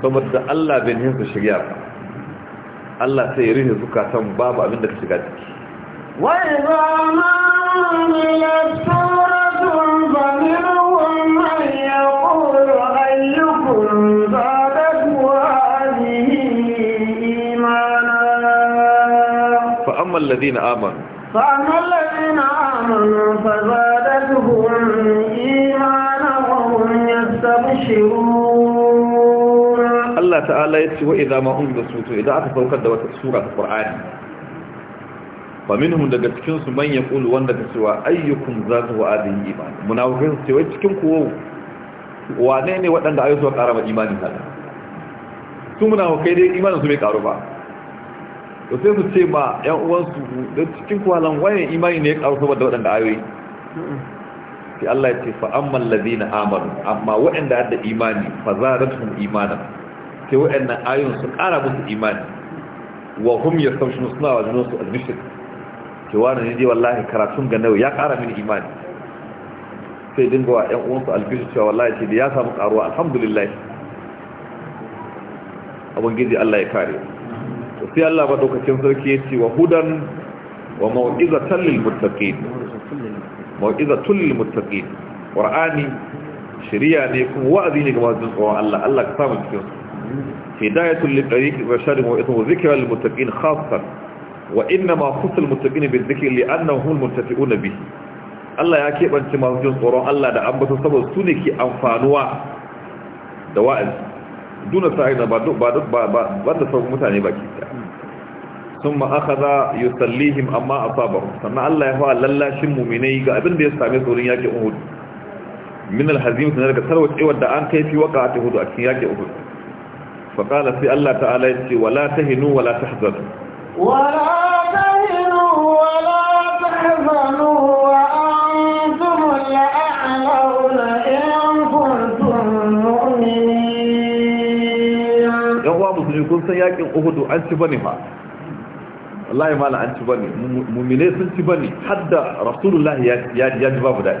saboda Allah bin hinsu shirya ba Allah sai ya rihe zukatan babu abin da ka shiga ciki wai ba ma milatturatun ba minhum man yaqulu ayyukum zadatu hadhihi imana fa amma alladhina amanu fa amma alladhina amanu fa zadatuhum Allah ta'ala idza ma تعالى يسوى idza aka saukar da wata sura ta Qur'ani Fa minhum daga cikin su man yaqulu wanda ka cewa ayyukum zatu wa adin iman munafiqin ce wai cikin ku wane ne waɗanda ayyuka su ƙara ma imani haka su munafikai dai imani su bai karu ba to sai su ce ma 'yan uwan su da cikin ku halan waye imani ne ya karu saboda waɗanda ayoyi sai Allah ya ce fa amman ladina amanu amma waɗanda hadda imani fa zadatuhum imanan sai waɗannan ayoyin su ƙara musu imani wa hum yastamshuna suna wa su admission ke wani ne dai wallahi karatun ga nawa ya ƙara mini imani sai dinga wa ƴan uwansu albishir cewa wallahi ce da ya samu ƙaruwa alhamdulillah ubangiji Allah ya kare to sai Allah dokacin sarki ya ce wa hudan wa mau'izatan lil muttaqin mau'izatul lil muttaqin qur'ani shari'a ne kuma wa'azi ne ga masu tsoron Allah Allah ka samu cikin su hidayatul lil tariqi rashad wa ithmu zikra lil muttaqin khassan wa inma khusul muttaqin bil zikri li annahum al muttafi'un bihi Allah ya keɓance masu jin tsoron Allah da ambata saboda su ne ke amfanuwa da wa'azi duna sa'ina ba ba ba ba da sauran mutane baki ɗaya sun ma'akaza yi sallihim amma a sabar sannan Allah ya fawa lallashin muminai ga abin da ya same tsorin yaƙi uhud min alhazim sun daga tarwacewar wadda an kai fi waka a hudu a cikin yaƙi uhud faƙala sai Allah ta'ala ya ce wala ta hinu wala ta hazanu wala ta hinu wala ta hazanu wa an tumul la'alauna in kuntum mu'minin yan uwa musulmi kun san yaƙin uhudu an ci bane ma wallahi mala an ci bane mu'mine sun ci bane hadda rasulullahi ya ya ji babu dai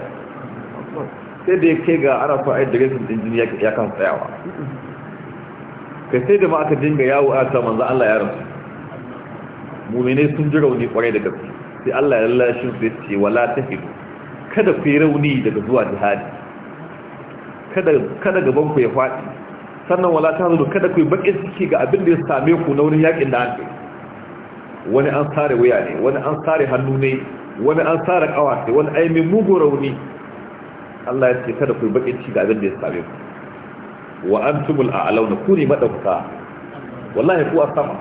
sai da yake ga ana so ai dare sun din jini ya kan tsayawa kai sai da ma aka dinga yawo a ta manzo Allah ya rasu mu'mine sun ji rauni kwarai da gaske sai Allah ya lallashin sai ce wala tafidu kada ku yi rauni daga zuwa jihadi kada kada gaban ku ya faɗi sannan wala ta zo kada ku yi bakin ciki ga abin da ya same ku na wurin yakin da an kai wani an sare wuya ne wani an sare hannu ne wani an sare kawa ne wani ai mai mugu rauni Allah ya ce kada ku bakin ci ga abin da ya same ku wa antumul a'launa kuni madauka wallahi ku a sama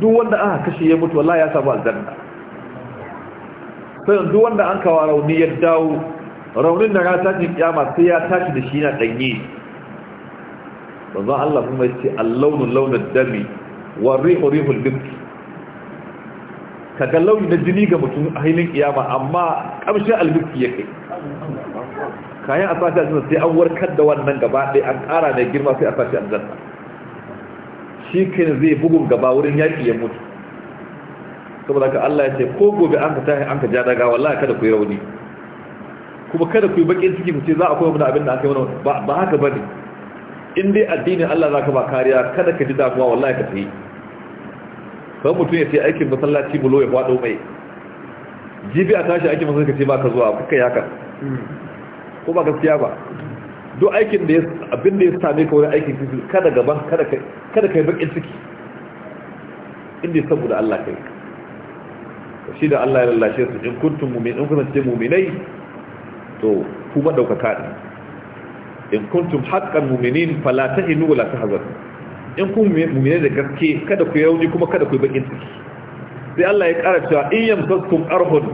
duk wanda aka kashe ya mutu wallahi ya samu aljanna sai duk wanda an kawo rauni ya dawo raunin da rata ce kiyama sai ya tashi da shi na danye bazan Allah kuma ya ce allawnu lawnad dami wa rihu rihul biski ka ga launi na jini ga mutum a hailin kiyama amma kamshin albiski ya kai kayan a sashi sai an warkar da wannan gaba ɗaya an ƙara mai girma sai a sashi shi kai zai bugun gaba wurin yaƙi ya mutu saboda ka Allah ya ce ko gobe an ka tashi an ka ja daga wallahi kada ku yi rauni kuma kada ku yi bakin ciki ku ce za a koya mana abin da aka yi wani ba haka bane in dai addinin Allah za ka ba kariya kada ka ji damuwa wallahi ka tafi kan mutum ya ce aikin masallaci bulo ya faɗo mai jibi a tashi aikin masallaci ba ka zuwa kuka yaka ko ba gaskiya ba duk aikin da ya abin da ya same ka wani aikin cikin kada gaban kada kai bakin ciki inda saboda Allah kai shi da Allah ya lallashe su in kuntum mu'min in kuntum mu'minai to ku ba daukaka ne in kuntum haqqan mu'minin fala tahinu wala tahzanu in kun mu'mine da gaske kada ku yauji kuma kada ku yi bakin ciki sai Allah ya ƙara cewa in yamsaskum arhun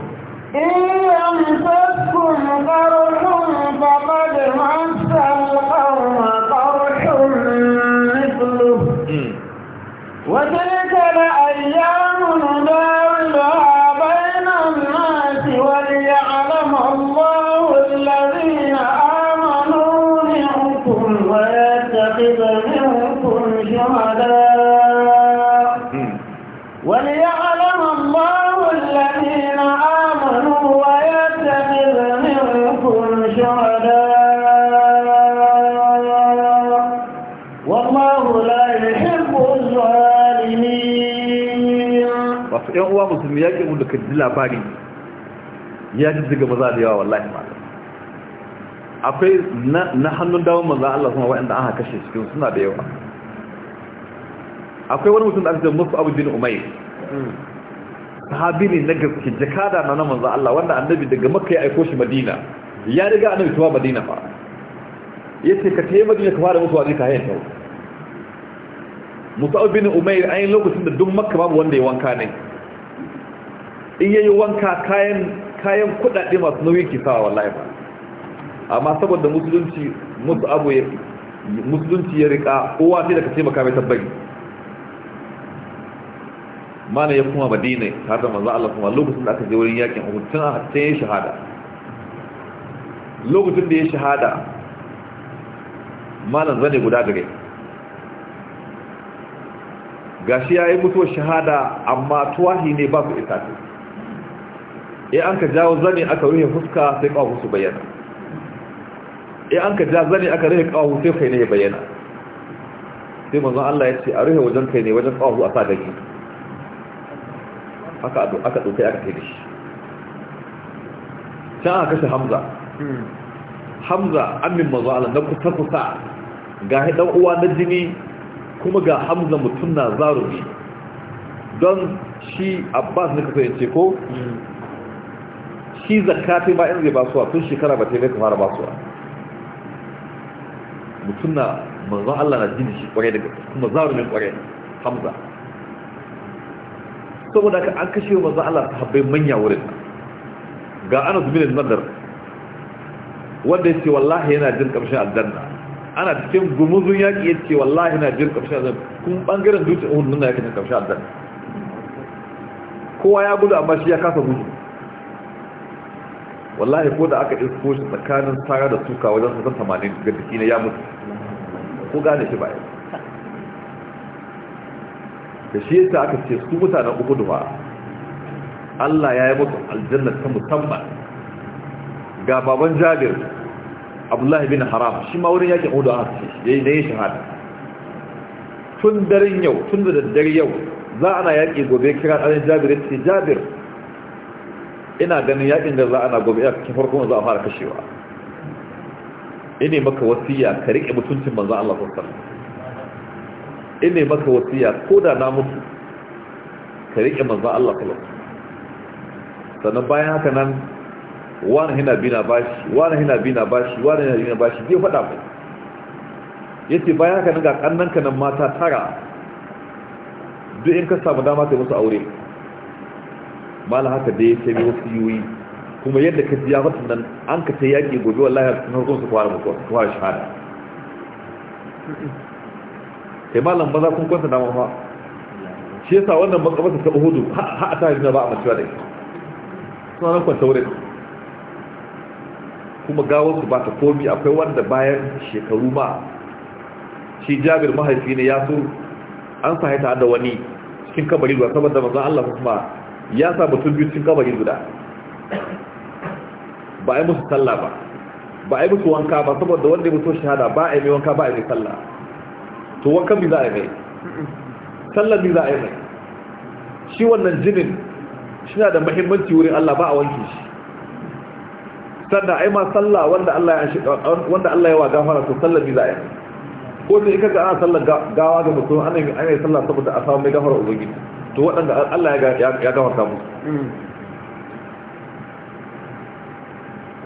in yamsaskum arhun faqad hamsa al-qawma mu yaƙi mu da kaddi labari ya ji daga maza da yawa wallahi ma akwai na hannun dawo maza Allah kuma an haka shi cikin suna da yawa akwai wani mutum da aka ce musu abin Umai, sahabi ne na gaske jakada na nan maza Allah wanda annabi daga makka ya aiko shi madina ya riga annabi tuwa madina fa ce ka ce madina ka fara mutuwa zai ka hayar tau musa bin umair ayin lokacin da duk makka babu wanda ya wanka ne in yayi wanka kayan kayan kudade masu nauyi ke sawa wallahi ba amma saboda musulunci musu abu ya musulunci ya rika kowa sai daga taimaka mai tabbari mana ya kuma madina har da manzo Allah kuma lokacin da aka je wurin yakin Uhud tun a ta yi shahada lokacin da ya shahada malan zane guda gare gashi ya yi mutuwar shahada amma tuwahi ne ba su isa ya an ka jawo zane aka rufe fuska sai kawo su bayyana ya an ka ja zane aka rufe kawo sai kai ne ya bayyana sai manzon Allah ya ce a rufe wajen kai ne wajen kawo a sa gani haka aka dauke aka kai da shi can aka kashe Hamza Hamza amin manzon Allah na kusa kusa ga dan uwa na jini kuma ga Hamza mutum na zarumi don shi Abbas ne ka fahimce ko shi zakati ba in zai basuwa tun shekara ba ta yi fara basuwa mutum na manzon Allah na jini shi kwarai daga kuma zarumin kwarai hamza saboda ka an kashe manzon Allah ta habbai manya wurin ga zubi da nadar wanda ya ce wallahi yana jin kamshin aljanna ana cikin gumuzun yaƙi ya ce wallahi yana jin kamshin aljanna kuma ɓangaren dutse ohun nuna kashe kamshin aljanna kowa ya gudu amma shi ya kasa gudu wallahi ko da aka isko shi tsakanin tara da suka wajen sassan tamanin ga jiki na ya mutu ko gane shi ba yi da shi yasa aka ce su mutanen uku duwa Allah ya yi mutu aljannar ta musamman ga baban jabir abdullahi bin haram shi ma wurin yakin hudu aka ce ya yi na yi shahada tun daren yau tun da daddare yau za ana yaƙi gobe kira ɗanin jabir ya ce jabir ina ganin yakin da za ana gobe ya farko farkon za a fara kashewa ine maka wasiya ka rike mutuncin manzon Allah sallallahu alaihi wasallam ine maka wasiya koda na mutu ka rike manzon Allah sallallahu alaihi wasallam sannan bayan haka nan wani hina bina bashi wani hina bina bashi wani hina bina bashi zai faɗa mai yace bayan haka nan ga kannanka nan mata tara duk in ka samu dama kai musu aure mala haka dai sai wasu yiwuyi kuma yadda ka ji yafa nan an ka ta yaƙi gobe wallahi har harkon su kwara mutuwa su kwara shahada Sai malam ba za kun kwanta dama fa shi yasa wannan makamata ta uhudu ha a tarihi na ba a mace da ita suna nan kwanta wurin kuma ku ba ta komi akwai wanda bayan shekaru ma shi jabir mahaifi ne ya so an ta da wani cikin kabari ba saboda manzon Allah kuma ya sa mutum biyu cikin kabarin guda ba a yi musu talla ba ba a yi musu wanka ba saboda wanda ya mutu shahada ba a yi mai wanka ba a yi mai talla to wankan bi za a yi mai sallah bi za a yi mai shi wannan jinin shi na da mahimmanci wurin Allah ba a wanke shi sanda a yi ma sallah wanda Allah ya wanda Allah ya wa gafara to sallah bi za a yi ko sai kaga ana sallar gawa ga mutum ana yi sallah saboda a samu mai gafara ubangiji to waɗanda Allah ya gafarta samu. Mm.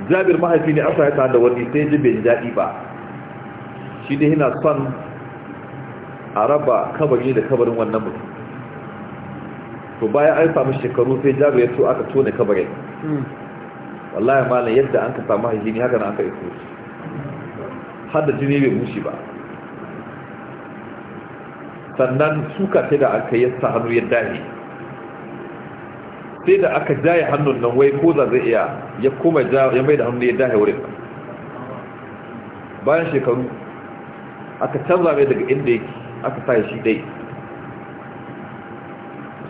jabir mahaifi ne asa ya ta da wani sai jibin jaɗi daɗi ba shi ne yana son a raba kabari da kabarin wannan mutum to bayan an samu shekaru sai jabir ya so aka tone kabarin mm. wallahi malam yadda an ka samu haihini ne haka na aka iso shi har da jini bai mushi ba sannan suka ta da aka yi hannu ya dahi sai da aka jaye hannun nan wai ko za zai iya ya kuma ya mai da hannu ya dahi wurin bayan shekaru aka canza mai daga inda yake aka sa shi dai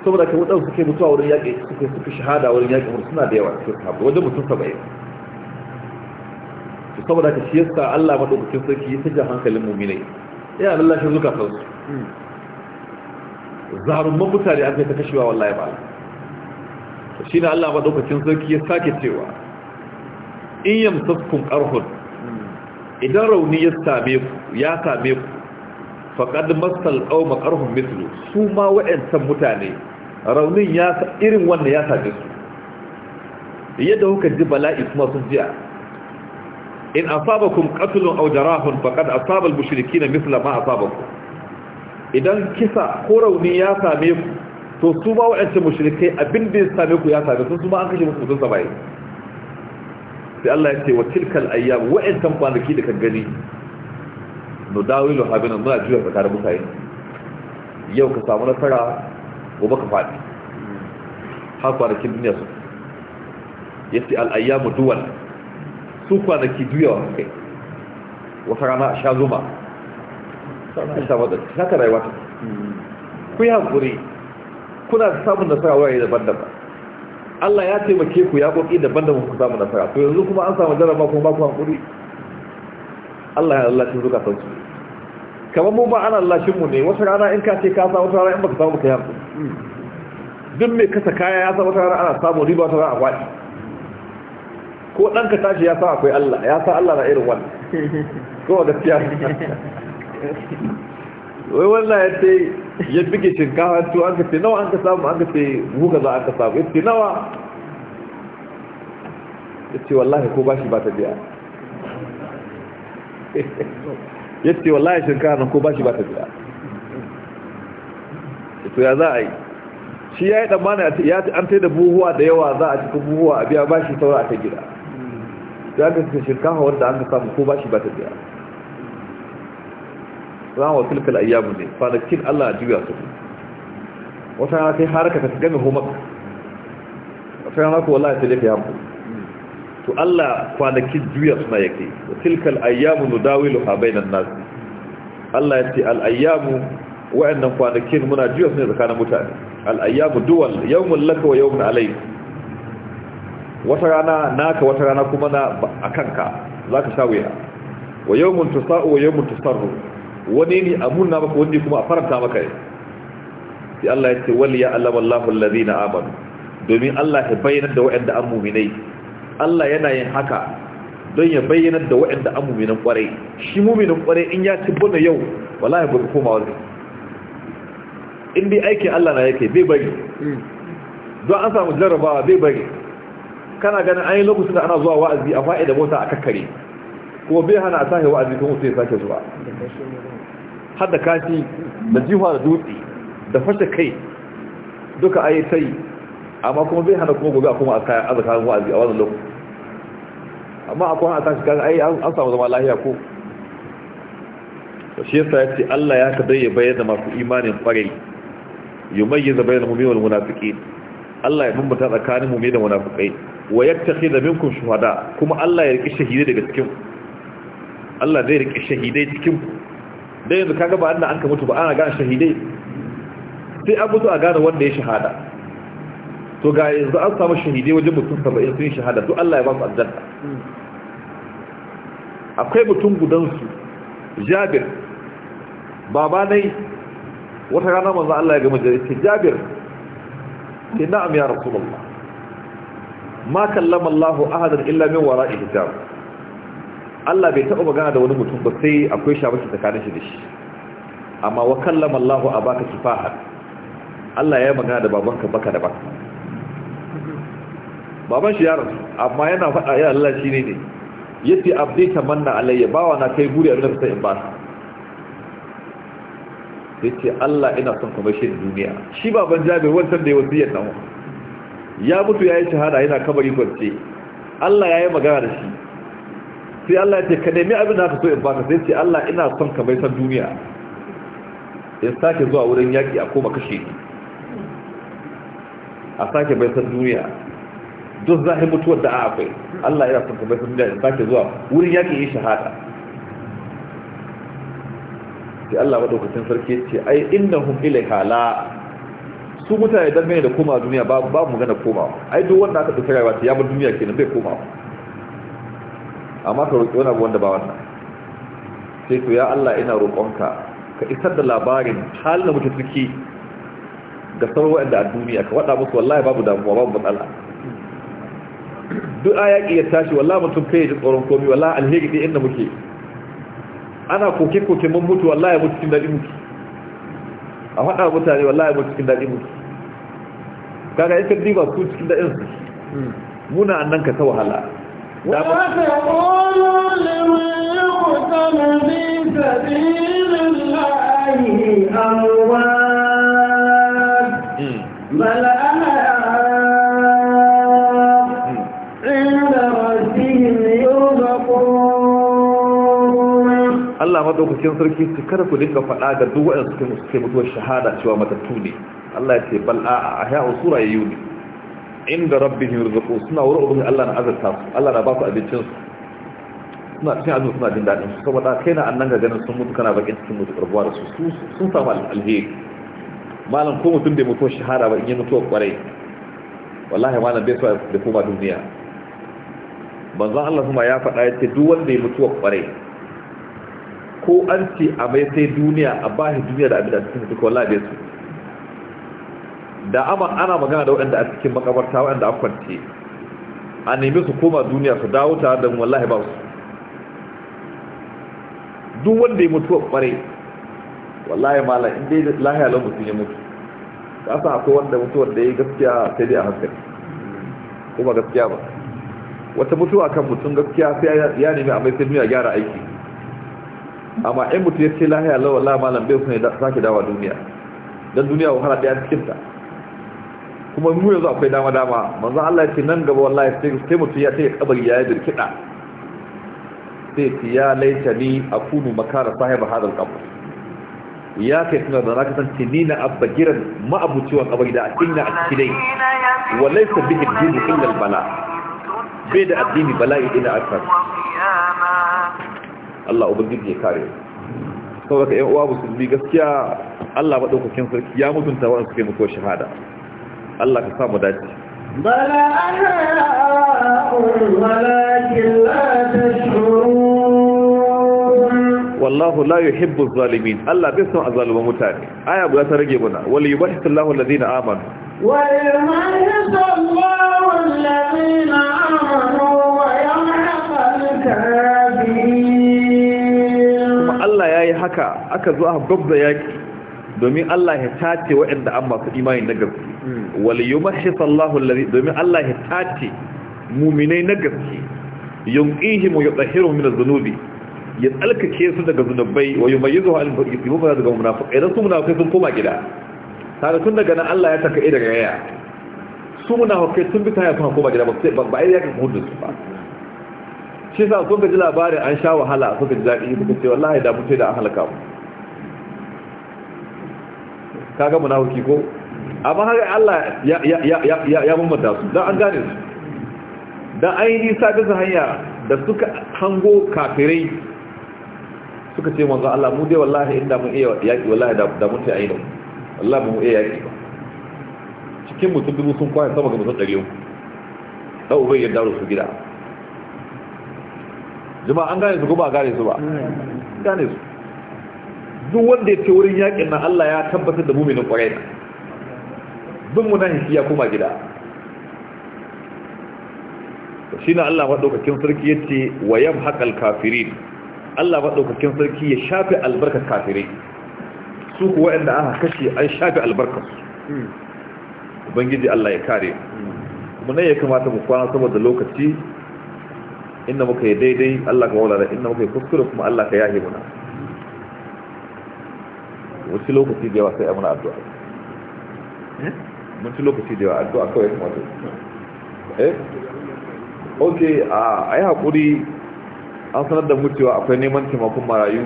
saboda ka wadanda suke mutuwa wurin yaƙi suke suka shahada wurin yaƙi wurin suna da yawa cikin sabu wajen mutum saba to saboda ka shi yasa Allah maɗaukacin sarki ya sanya hankalin mummina ya lallashin zuka su zarumman mutane an kai ta kashewa wallahi ba shi na Allah lokacin sarki ya sake cewa in yamsaskun ƙarhun idan rauni ya same ku ya same ku faƙad masal ƙauma ƙarhun mislu su ma wa'yancan mutane raunin ya irin wannan ya same su yadda kuka ji bala'i kuma sun jiya in asabakum qatlun aw jarahun faqad asaba al-mushrikeena mithla ma asabakum idan kisa ko rauni ya same ku to su ba waɗancan mushrikai abin da ya same ku ya same su su ma an kashe musu mutum saba'in sai Allah ya ce wa tilkal ayyam waɗancan kwanaki da kan gani no dawilu habina muna juya tsakanin mutane yau ka samu nasara gobe ka faɗi har kwanakin duniya su ya ce al'ayyamu duwan su kwanaki juyawa kai wata rana a sha zuma sun samu da haka rayuwa ta ku yi hankuri kuna samun nasara wurare daban-daban Allah ya taimake ku ya koki daban-daban ku samu nasara to yanzu kuma an samu jarraba kuma ba ku hankuri Allah ya Allah shi zuka san kamar mu ba ana Allah mu ne wata rana in ka ce ka samu wata rana in baka samu ka yi hankuri duk mai kasa kaya ya samu wata rana ana samu riba wata rana a kwaɗi ko ɗanka tashi ya sa akwai Allah ya sa Allah na irin wannan ko gaskiya wai wannan ya ce ya fike shinkawa to an ka nawa an ka samu an ka ce za an ka samu ya ce nawa ya ce wallahi ko ba shi ba ta biya ya ce wallahi shinkawa nan ko ba shi ba ta biya ya ce ya za a yi shi ya yi damana ya ce an ta da buhuwa da yawa za a cikin buhuwa a biya ba shi saura a ta gida ya ka ce shinkawa wanda an ka samu ko ba shi ba ta biya za wa tilkal ayyamu ne kwanakin Allah ya juya su wata rana kai haraka ka game homak sai rana ko wallahi sai dai ka hamu to Allah kwanakin juya suna yake wa tilkal ayyamu nudawilu ha bainan nas Allah ya ce al ayyamu wa'annan kwanakin muna juya su ne tsakanin mutane al ayyamu duwal yawmul laka wa yawmun alayk wata rana naka wata rana kuma na akanka zaka sha wuya wa yawmun tusa'u wa yawmun tusarru wani ne a munna maka wani kuma a faranta maka ne sai Allah ya ce wal ya alama Allahu allazina amanu domin Allah ya bayyana da waɗanda an mu'minai Allah yana yin haka don ya bayyana da waɗanda an mu'minan kwarai shi mu'minin kwarai in ya ci bane yau wallahi ba ku koma wani in dai aikin Allah na yake bai bari don an samu jarrabawa bai bari kana ganin an yi lokacin da ana zuwa wa'azi a fa'ida mota a kakkare kuma bai hana a sake wa'azi kuma sai sake zuwa har da kashi da jiwa da dutse da fashe kai duka a yi sai. amma kuma zai hana kuma gobe a kuma a kayan azaka wa'azi a wannan lokaci amma a kuma a tashi kaga ai an samu zama lahiya ko to shi yasa ce Allah ya ka dai ya bayyana masu imanin kwarai yumayyiza bainal mu'minin wani munafiki. Allah ya bambata tsakanin mu'mini da munafiqai wa da minkun shuhada kuma Allah ya riki shahidai daga cikin Allah zai riki shahidai cikin ku dai yanzu kaga ba Allah anka mutu ba ana gane shahidai sai an mutu a gane wanda ya shahada to ga yanzu an samu shahidai wajen mutum 70 sun yi shahada to Allah ya ba su aljanna akwai mutum gudansu Jabir baba nai wata rana manzo Allah ya ga majalisi Jabir sai na'am ya rasulullah ma kallama Allah ahadan illa min wara'i hijab Allah bai taɓa magana da wani mutum ba sai akwai shamaki tsakanin shi da shi amma wa kallama Allahu abaka kifaha Allah ya magana da babanka baka da baka baban shi yaron amma yana faɗa ya Allah shi ne ne yace abdi tamanna alayya bawa na kai buri abin da sai in ba yace Allah ina son ka bashi duniya shi baban Jabir wancan da ya wasiyar nan ya mutu yayi shahada yana kabari kwance Allah yayi magana da shi sai Allah ya ce ka nemi abin da aka so in baka sai ce Allah ina son ka bai san duniya ya sake zuwa wurin yaƙi a koma kashe ni a sake bai san duniya duk zahi mutuwar da akwai Allah ina son ka bai san duniya ya sake zuwa wurin yaƙi yi shahada sai Allah maɗaukacin sarki ce ai hun ilaiha hala. su mutane dan da koma duniya babu magana komawa ai duk wanda aka dauki rayuwa ya bar duniya kenan bai komawa amma ka roƙi wani abu wanda ba wannan sai ku ya Allah ina roƙonka ka isar da labarin halin da muke ciki ga sauran waɗanda a duniya ka waɗa musu wallahi babu damuwa babu matsala duk ayaki ya tashi wallahi mutum kai ji tsoron komi wallahi alheri ɗin inda muke ana koke-koke mun mutu wallahi mutu cikin daɗi muke a faɗa mutane wallahi mutu cikin daɗi muke kaga ita diba su cikin daɗin su hmm. muna annan ka ta wahala ولا تقولوا لمن يقتل في سبيل الله madaukakin sarki su kada ku dinga faɗa ga duk waɗanda suke mutuwar shahada cewa matattu ne Allah ya ce bal a ahya'u sura yuni inda rabbihim rizqu suna wurin ubangiji Allah na azurta su Allah na ba su abincin su suna cikin azumi suna jin daɗin su saboda kai na annan ga ganin sun mutu kana bakin cikin mutu karbuwa da su sun samu alheri malam ko mutum bai mutu shahara ba in yi mutuwa kwarai wallahi malam bai so da koma duniya banzan Allah kuma ya faɗa ya ce duk wanda ya mutuwa kwarai ko an ce a mai sai duniya a bashi duniya da abin da cikin mutu wallahi bai so da ama ana magana da waɗanda a cikin makabarta waɗanda a kwanci a nemi su koma duniya su dawo tare da wallahi ba su duk wanda ya mutu kware wallahi mala inda ya lahiya lan mutum ya mutu ka sa akwai wanda mutuwar da ya gaskiya sai dai a hankali kuma gaskiya ba wata mutuwa kan mutum gaskiya sai ya nemi a mai sai duniya gyara aiki amma in mutu ya ce lahiya lan wallahi malam bai sun ya sake dawa duniya don duniya wahala ɗaya cikin ta kuma mu yanzu akwai dama dama manzo Allah ya ce nan gaba wallahi sai mutum ya ce kabari ya yi birkida sai ce ya laita ni akunu makara sahiba hadal qabr ya kai suna da zaka san ni na abagiran ma'abuciwan kabari da inna a cikin dai wallahi sabbi dinu illa al bala bai da addini bala'i ina akar Allah ubangiji ya kare saboda ka ƴan uwa musulmi gaskiya Allah madaukakin sarki ya mutunta wa'an suke mutuwar shahada Allah ka samu dace bala wallahu la yuhibbu zalimin. Allah bai son azaluma mutane aya guda ta rage muna wal yubahithullahu alladhina amanu wal yubahithullahu alladhina amanu wa yamhaqul kafirin Allah yayi haka aka zo a babba yaki domin Allah ya tace waɗanda an masu imani na gaske hmm. wal yumahhis Allahu allazi domin Allah ya tace mu'minai na gaske yunqihim wa yutahhiruhum min adh-dhunubi ya alkake su daga zunubai wa yumayyizuhu al munafiqin daga munafiqai idan su munafiqai sun koma gida sai tun daga nan Allah ya taka daga yaya su munafiqai sun bi ta kuma koma gida ba ba ai ya kan hudu su ba shi sa kun ga ji labarin an sha wahala suka ji dadi suka ce wallahi da mutai da an mu kaga munafiki ko amma haka Allah ya ya ya ya bambanta su dan an gane su dan ainihi sabi su hanya da suka hango kafirai suka ce manzo Allah mu dai wallahi inda mun iya yaki wallahi da mun ta ainihi wallahi mun iya yaki cikin mutum dubu sun kwaya sama ga mutum ɗari ta ya yadda su gida jima an gane su ko ba gane su ba hmm. gane su duk wanda ya ce wurin yakin na Allah ya tabbatar da muminin ƙwarai na duk munafiki ya koma gida shi na Allah maɗaukakin sarki ya ce wa yam haƙal kafirin Allah maɗaukakin sarki ya shafe albarkar kafirin. su kuwa inda aka kashe an shafe albarkar su ubangiji Allah ya kare Kuma ne ya kamata mu kwana saboda lokaci inda muka yi daidai Allah ka wala da inda muka yi kuskure kuma Allah ka yahe muna wasu lokaci da yawa sai a muna addu'a eh? mun lokaci da yawa addu'a kawai kuma to eh ok a yi haƙuri an sanar da mutuwa akwai neman taimakon marayu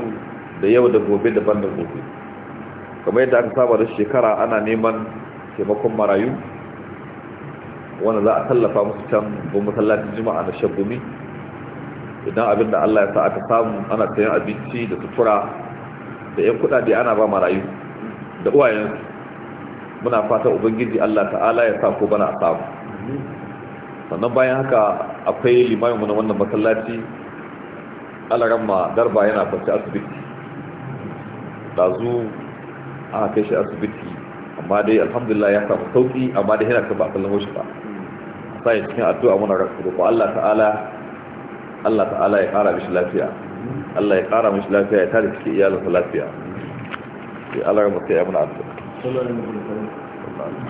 da yau da gobe daban da gobe kamar yadda aka saba da shekara ana neman taimakon marayu wanda za a tallafa musu can ba tallafin jima'a na shagumi, idan abin da Allah ya sa aka samu ana sayan abinci da sutura da yan kudade ana ba marayu da uwayensu muna fata ubangiji Allah ta'ala ya sa ko bana a samu sannan bayan haka akwai limayin mu na wannan masallaci alaramma darba yana kwanci asibiti dazu aka kai shi asibiti amma dai alhamdulillah ya samu sauki amma dai yana ka ba kallon shi ba sai cikin addu'a muna rasu Allah ta'ala Allah ta'ala ya fara mishi lafiya Allah ya kara mishi lafiya ya tare cikin iyalinsa lafiya ya Allah ya mutu ya muna addu'a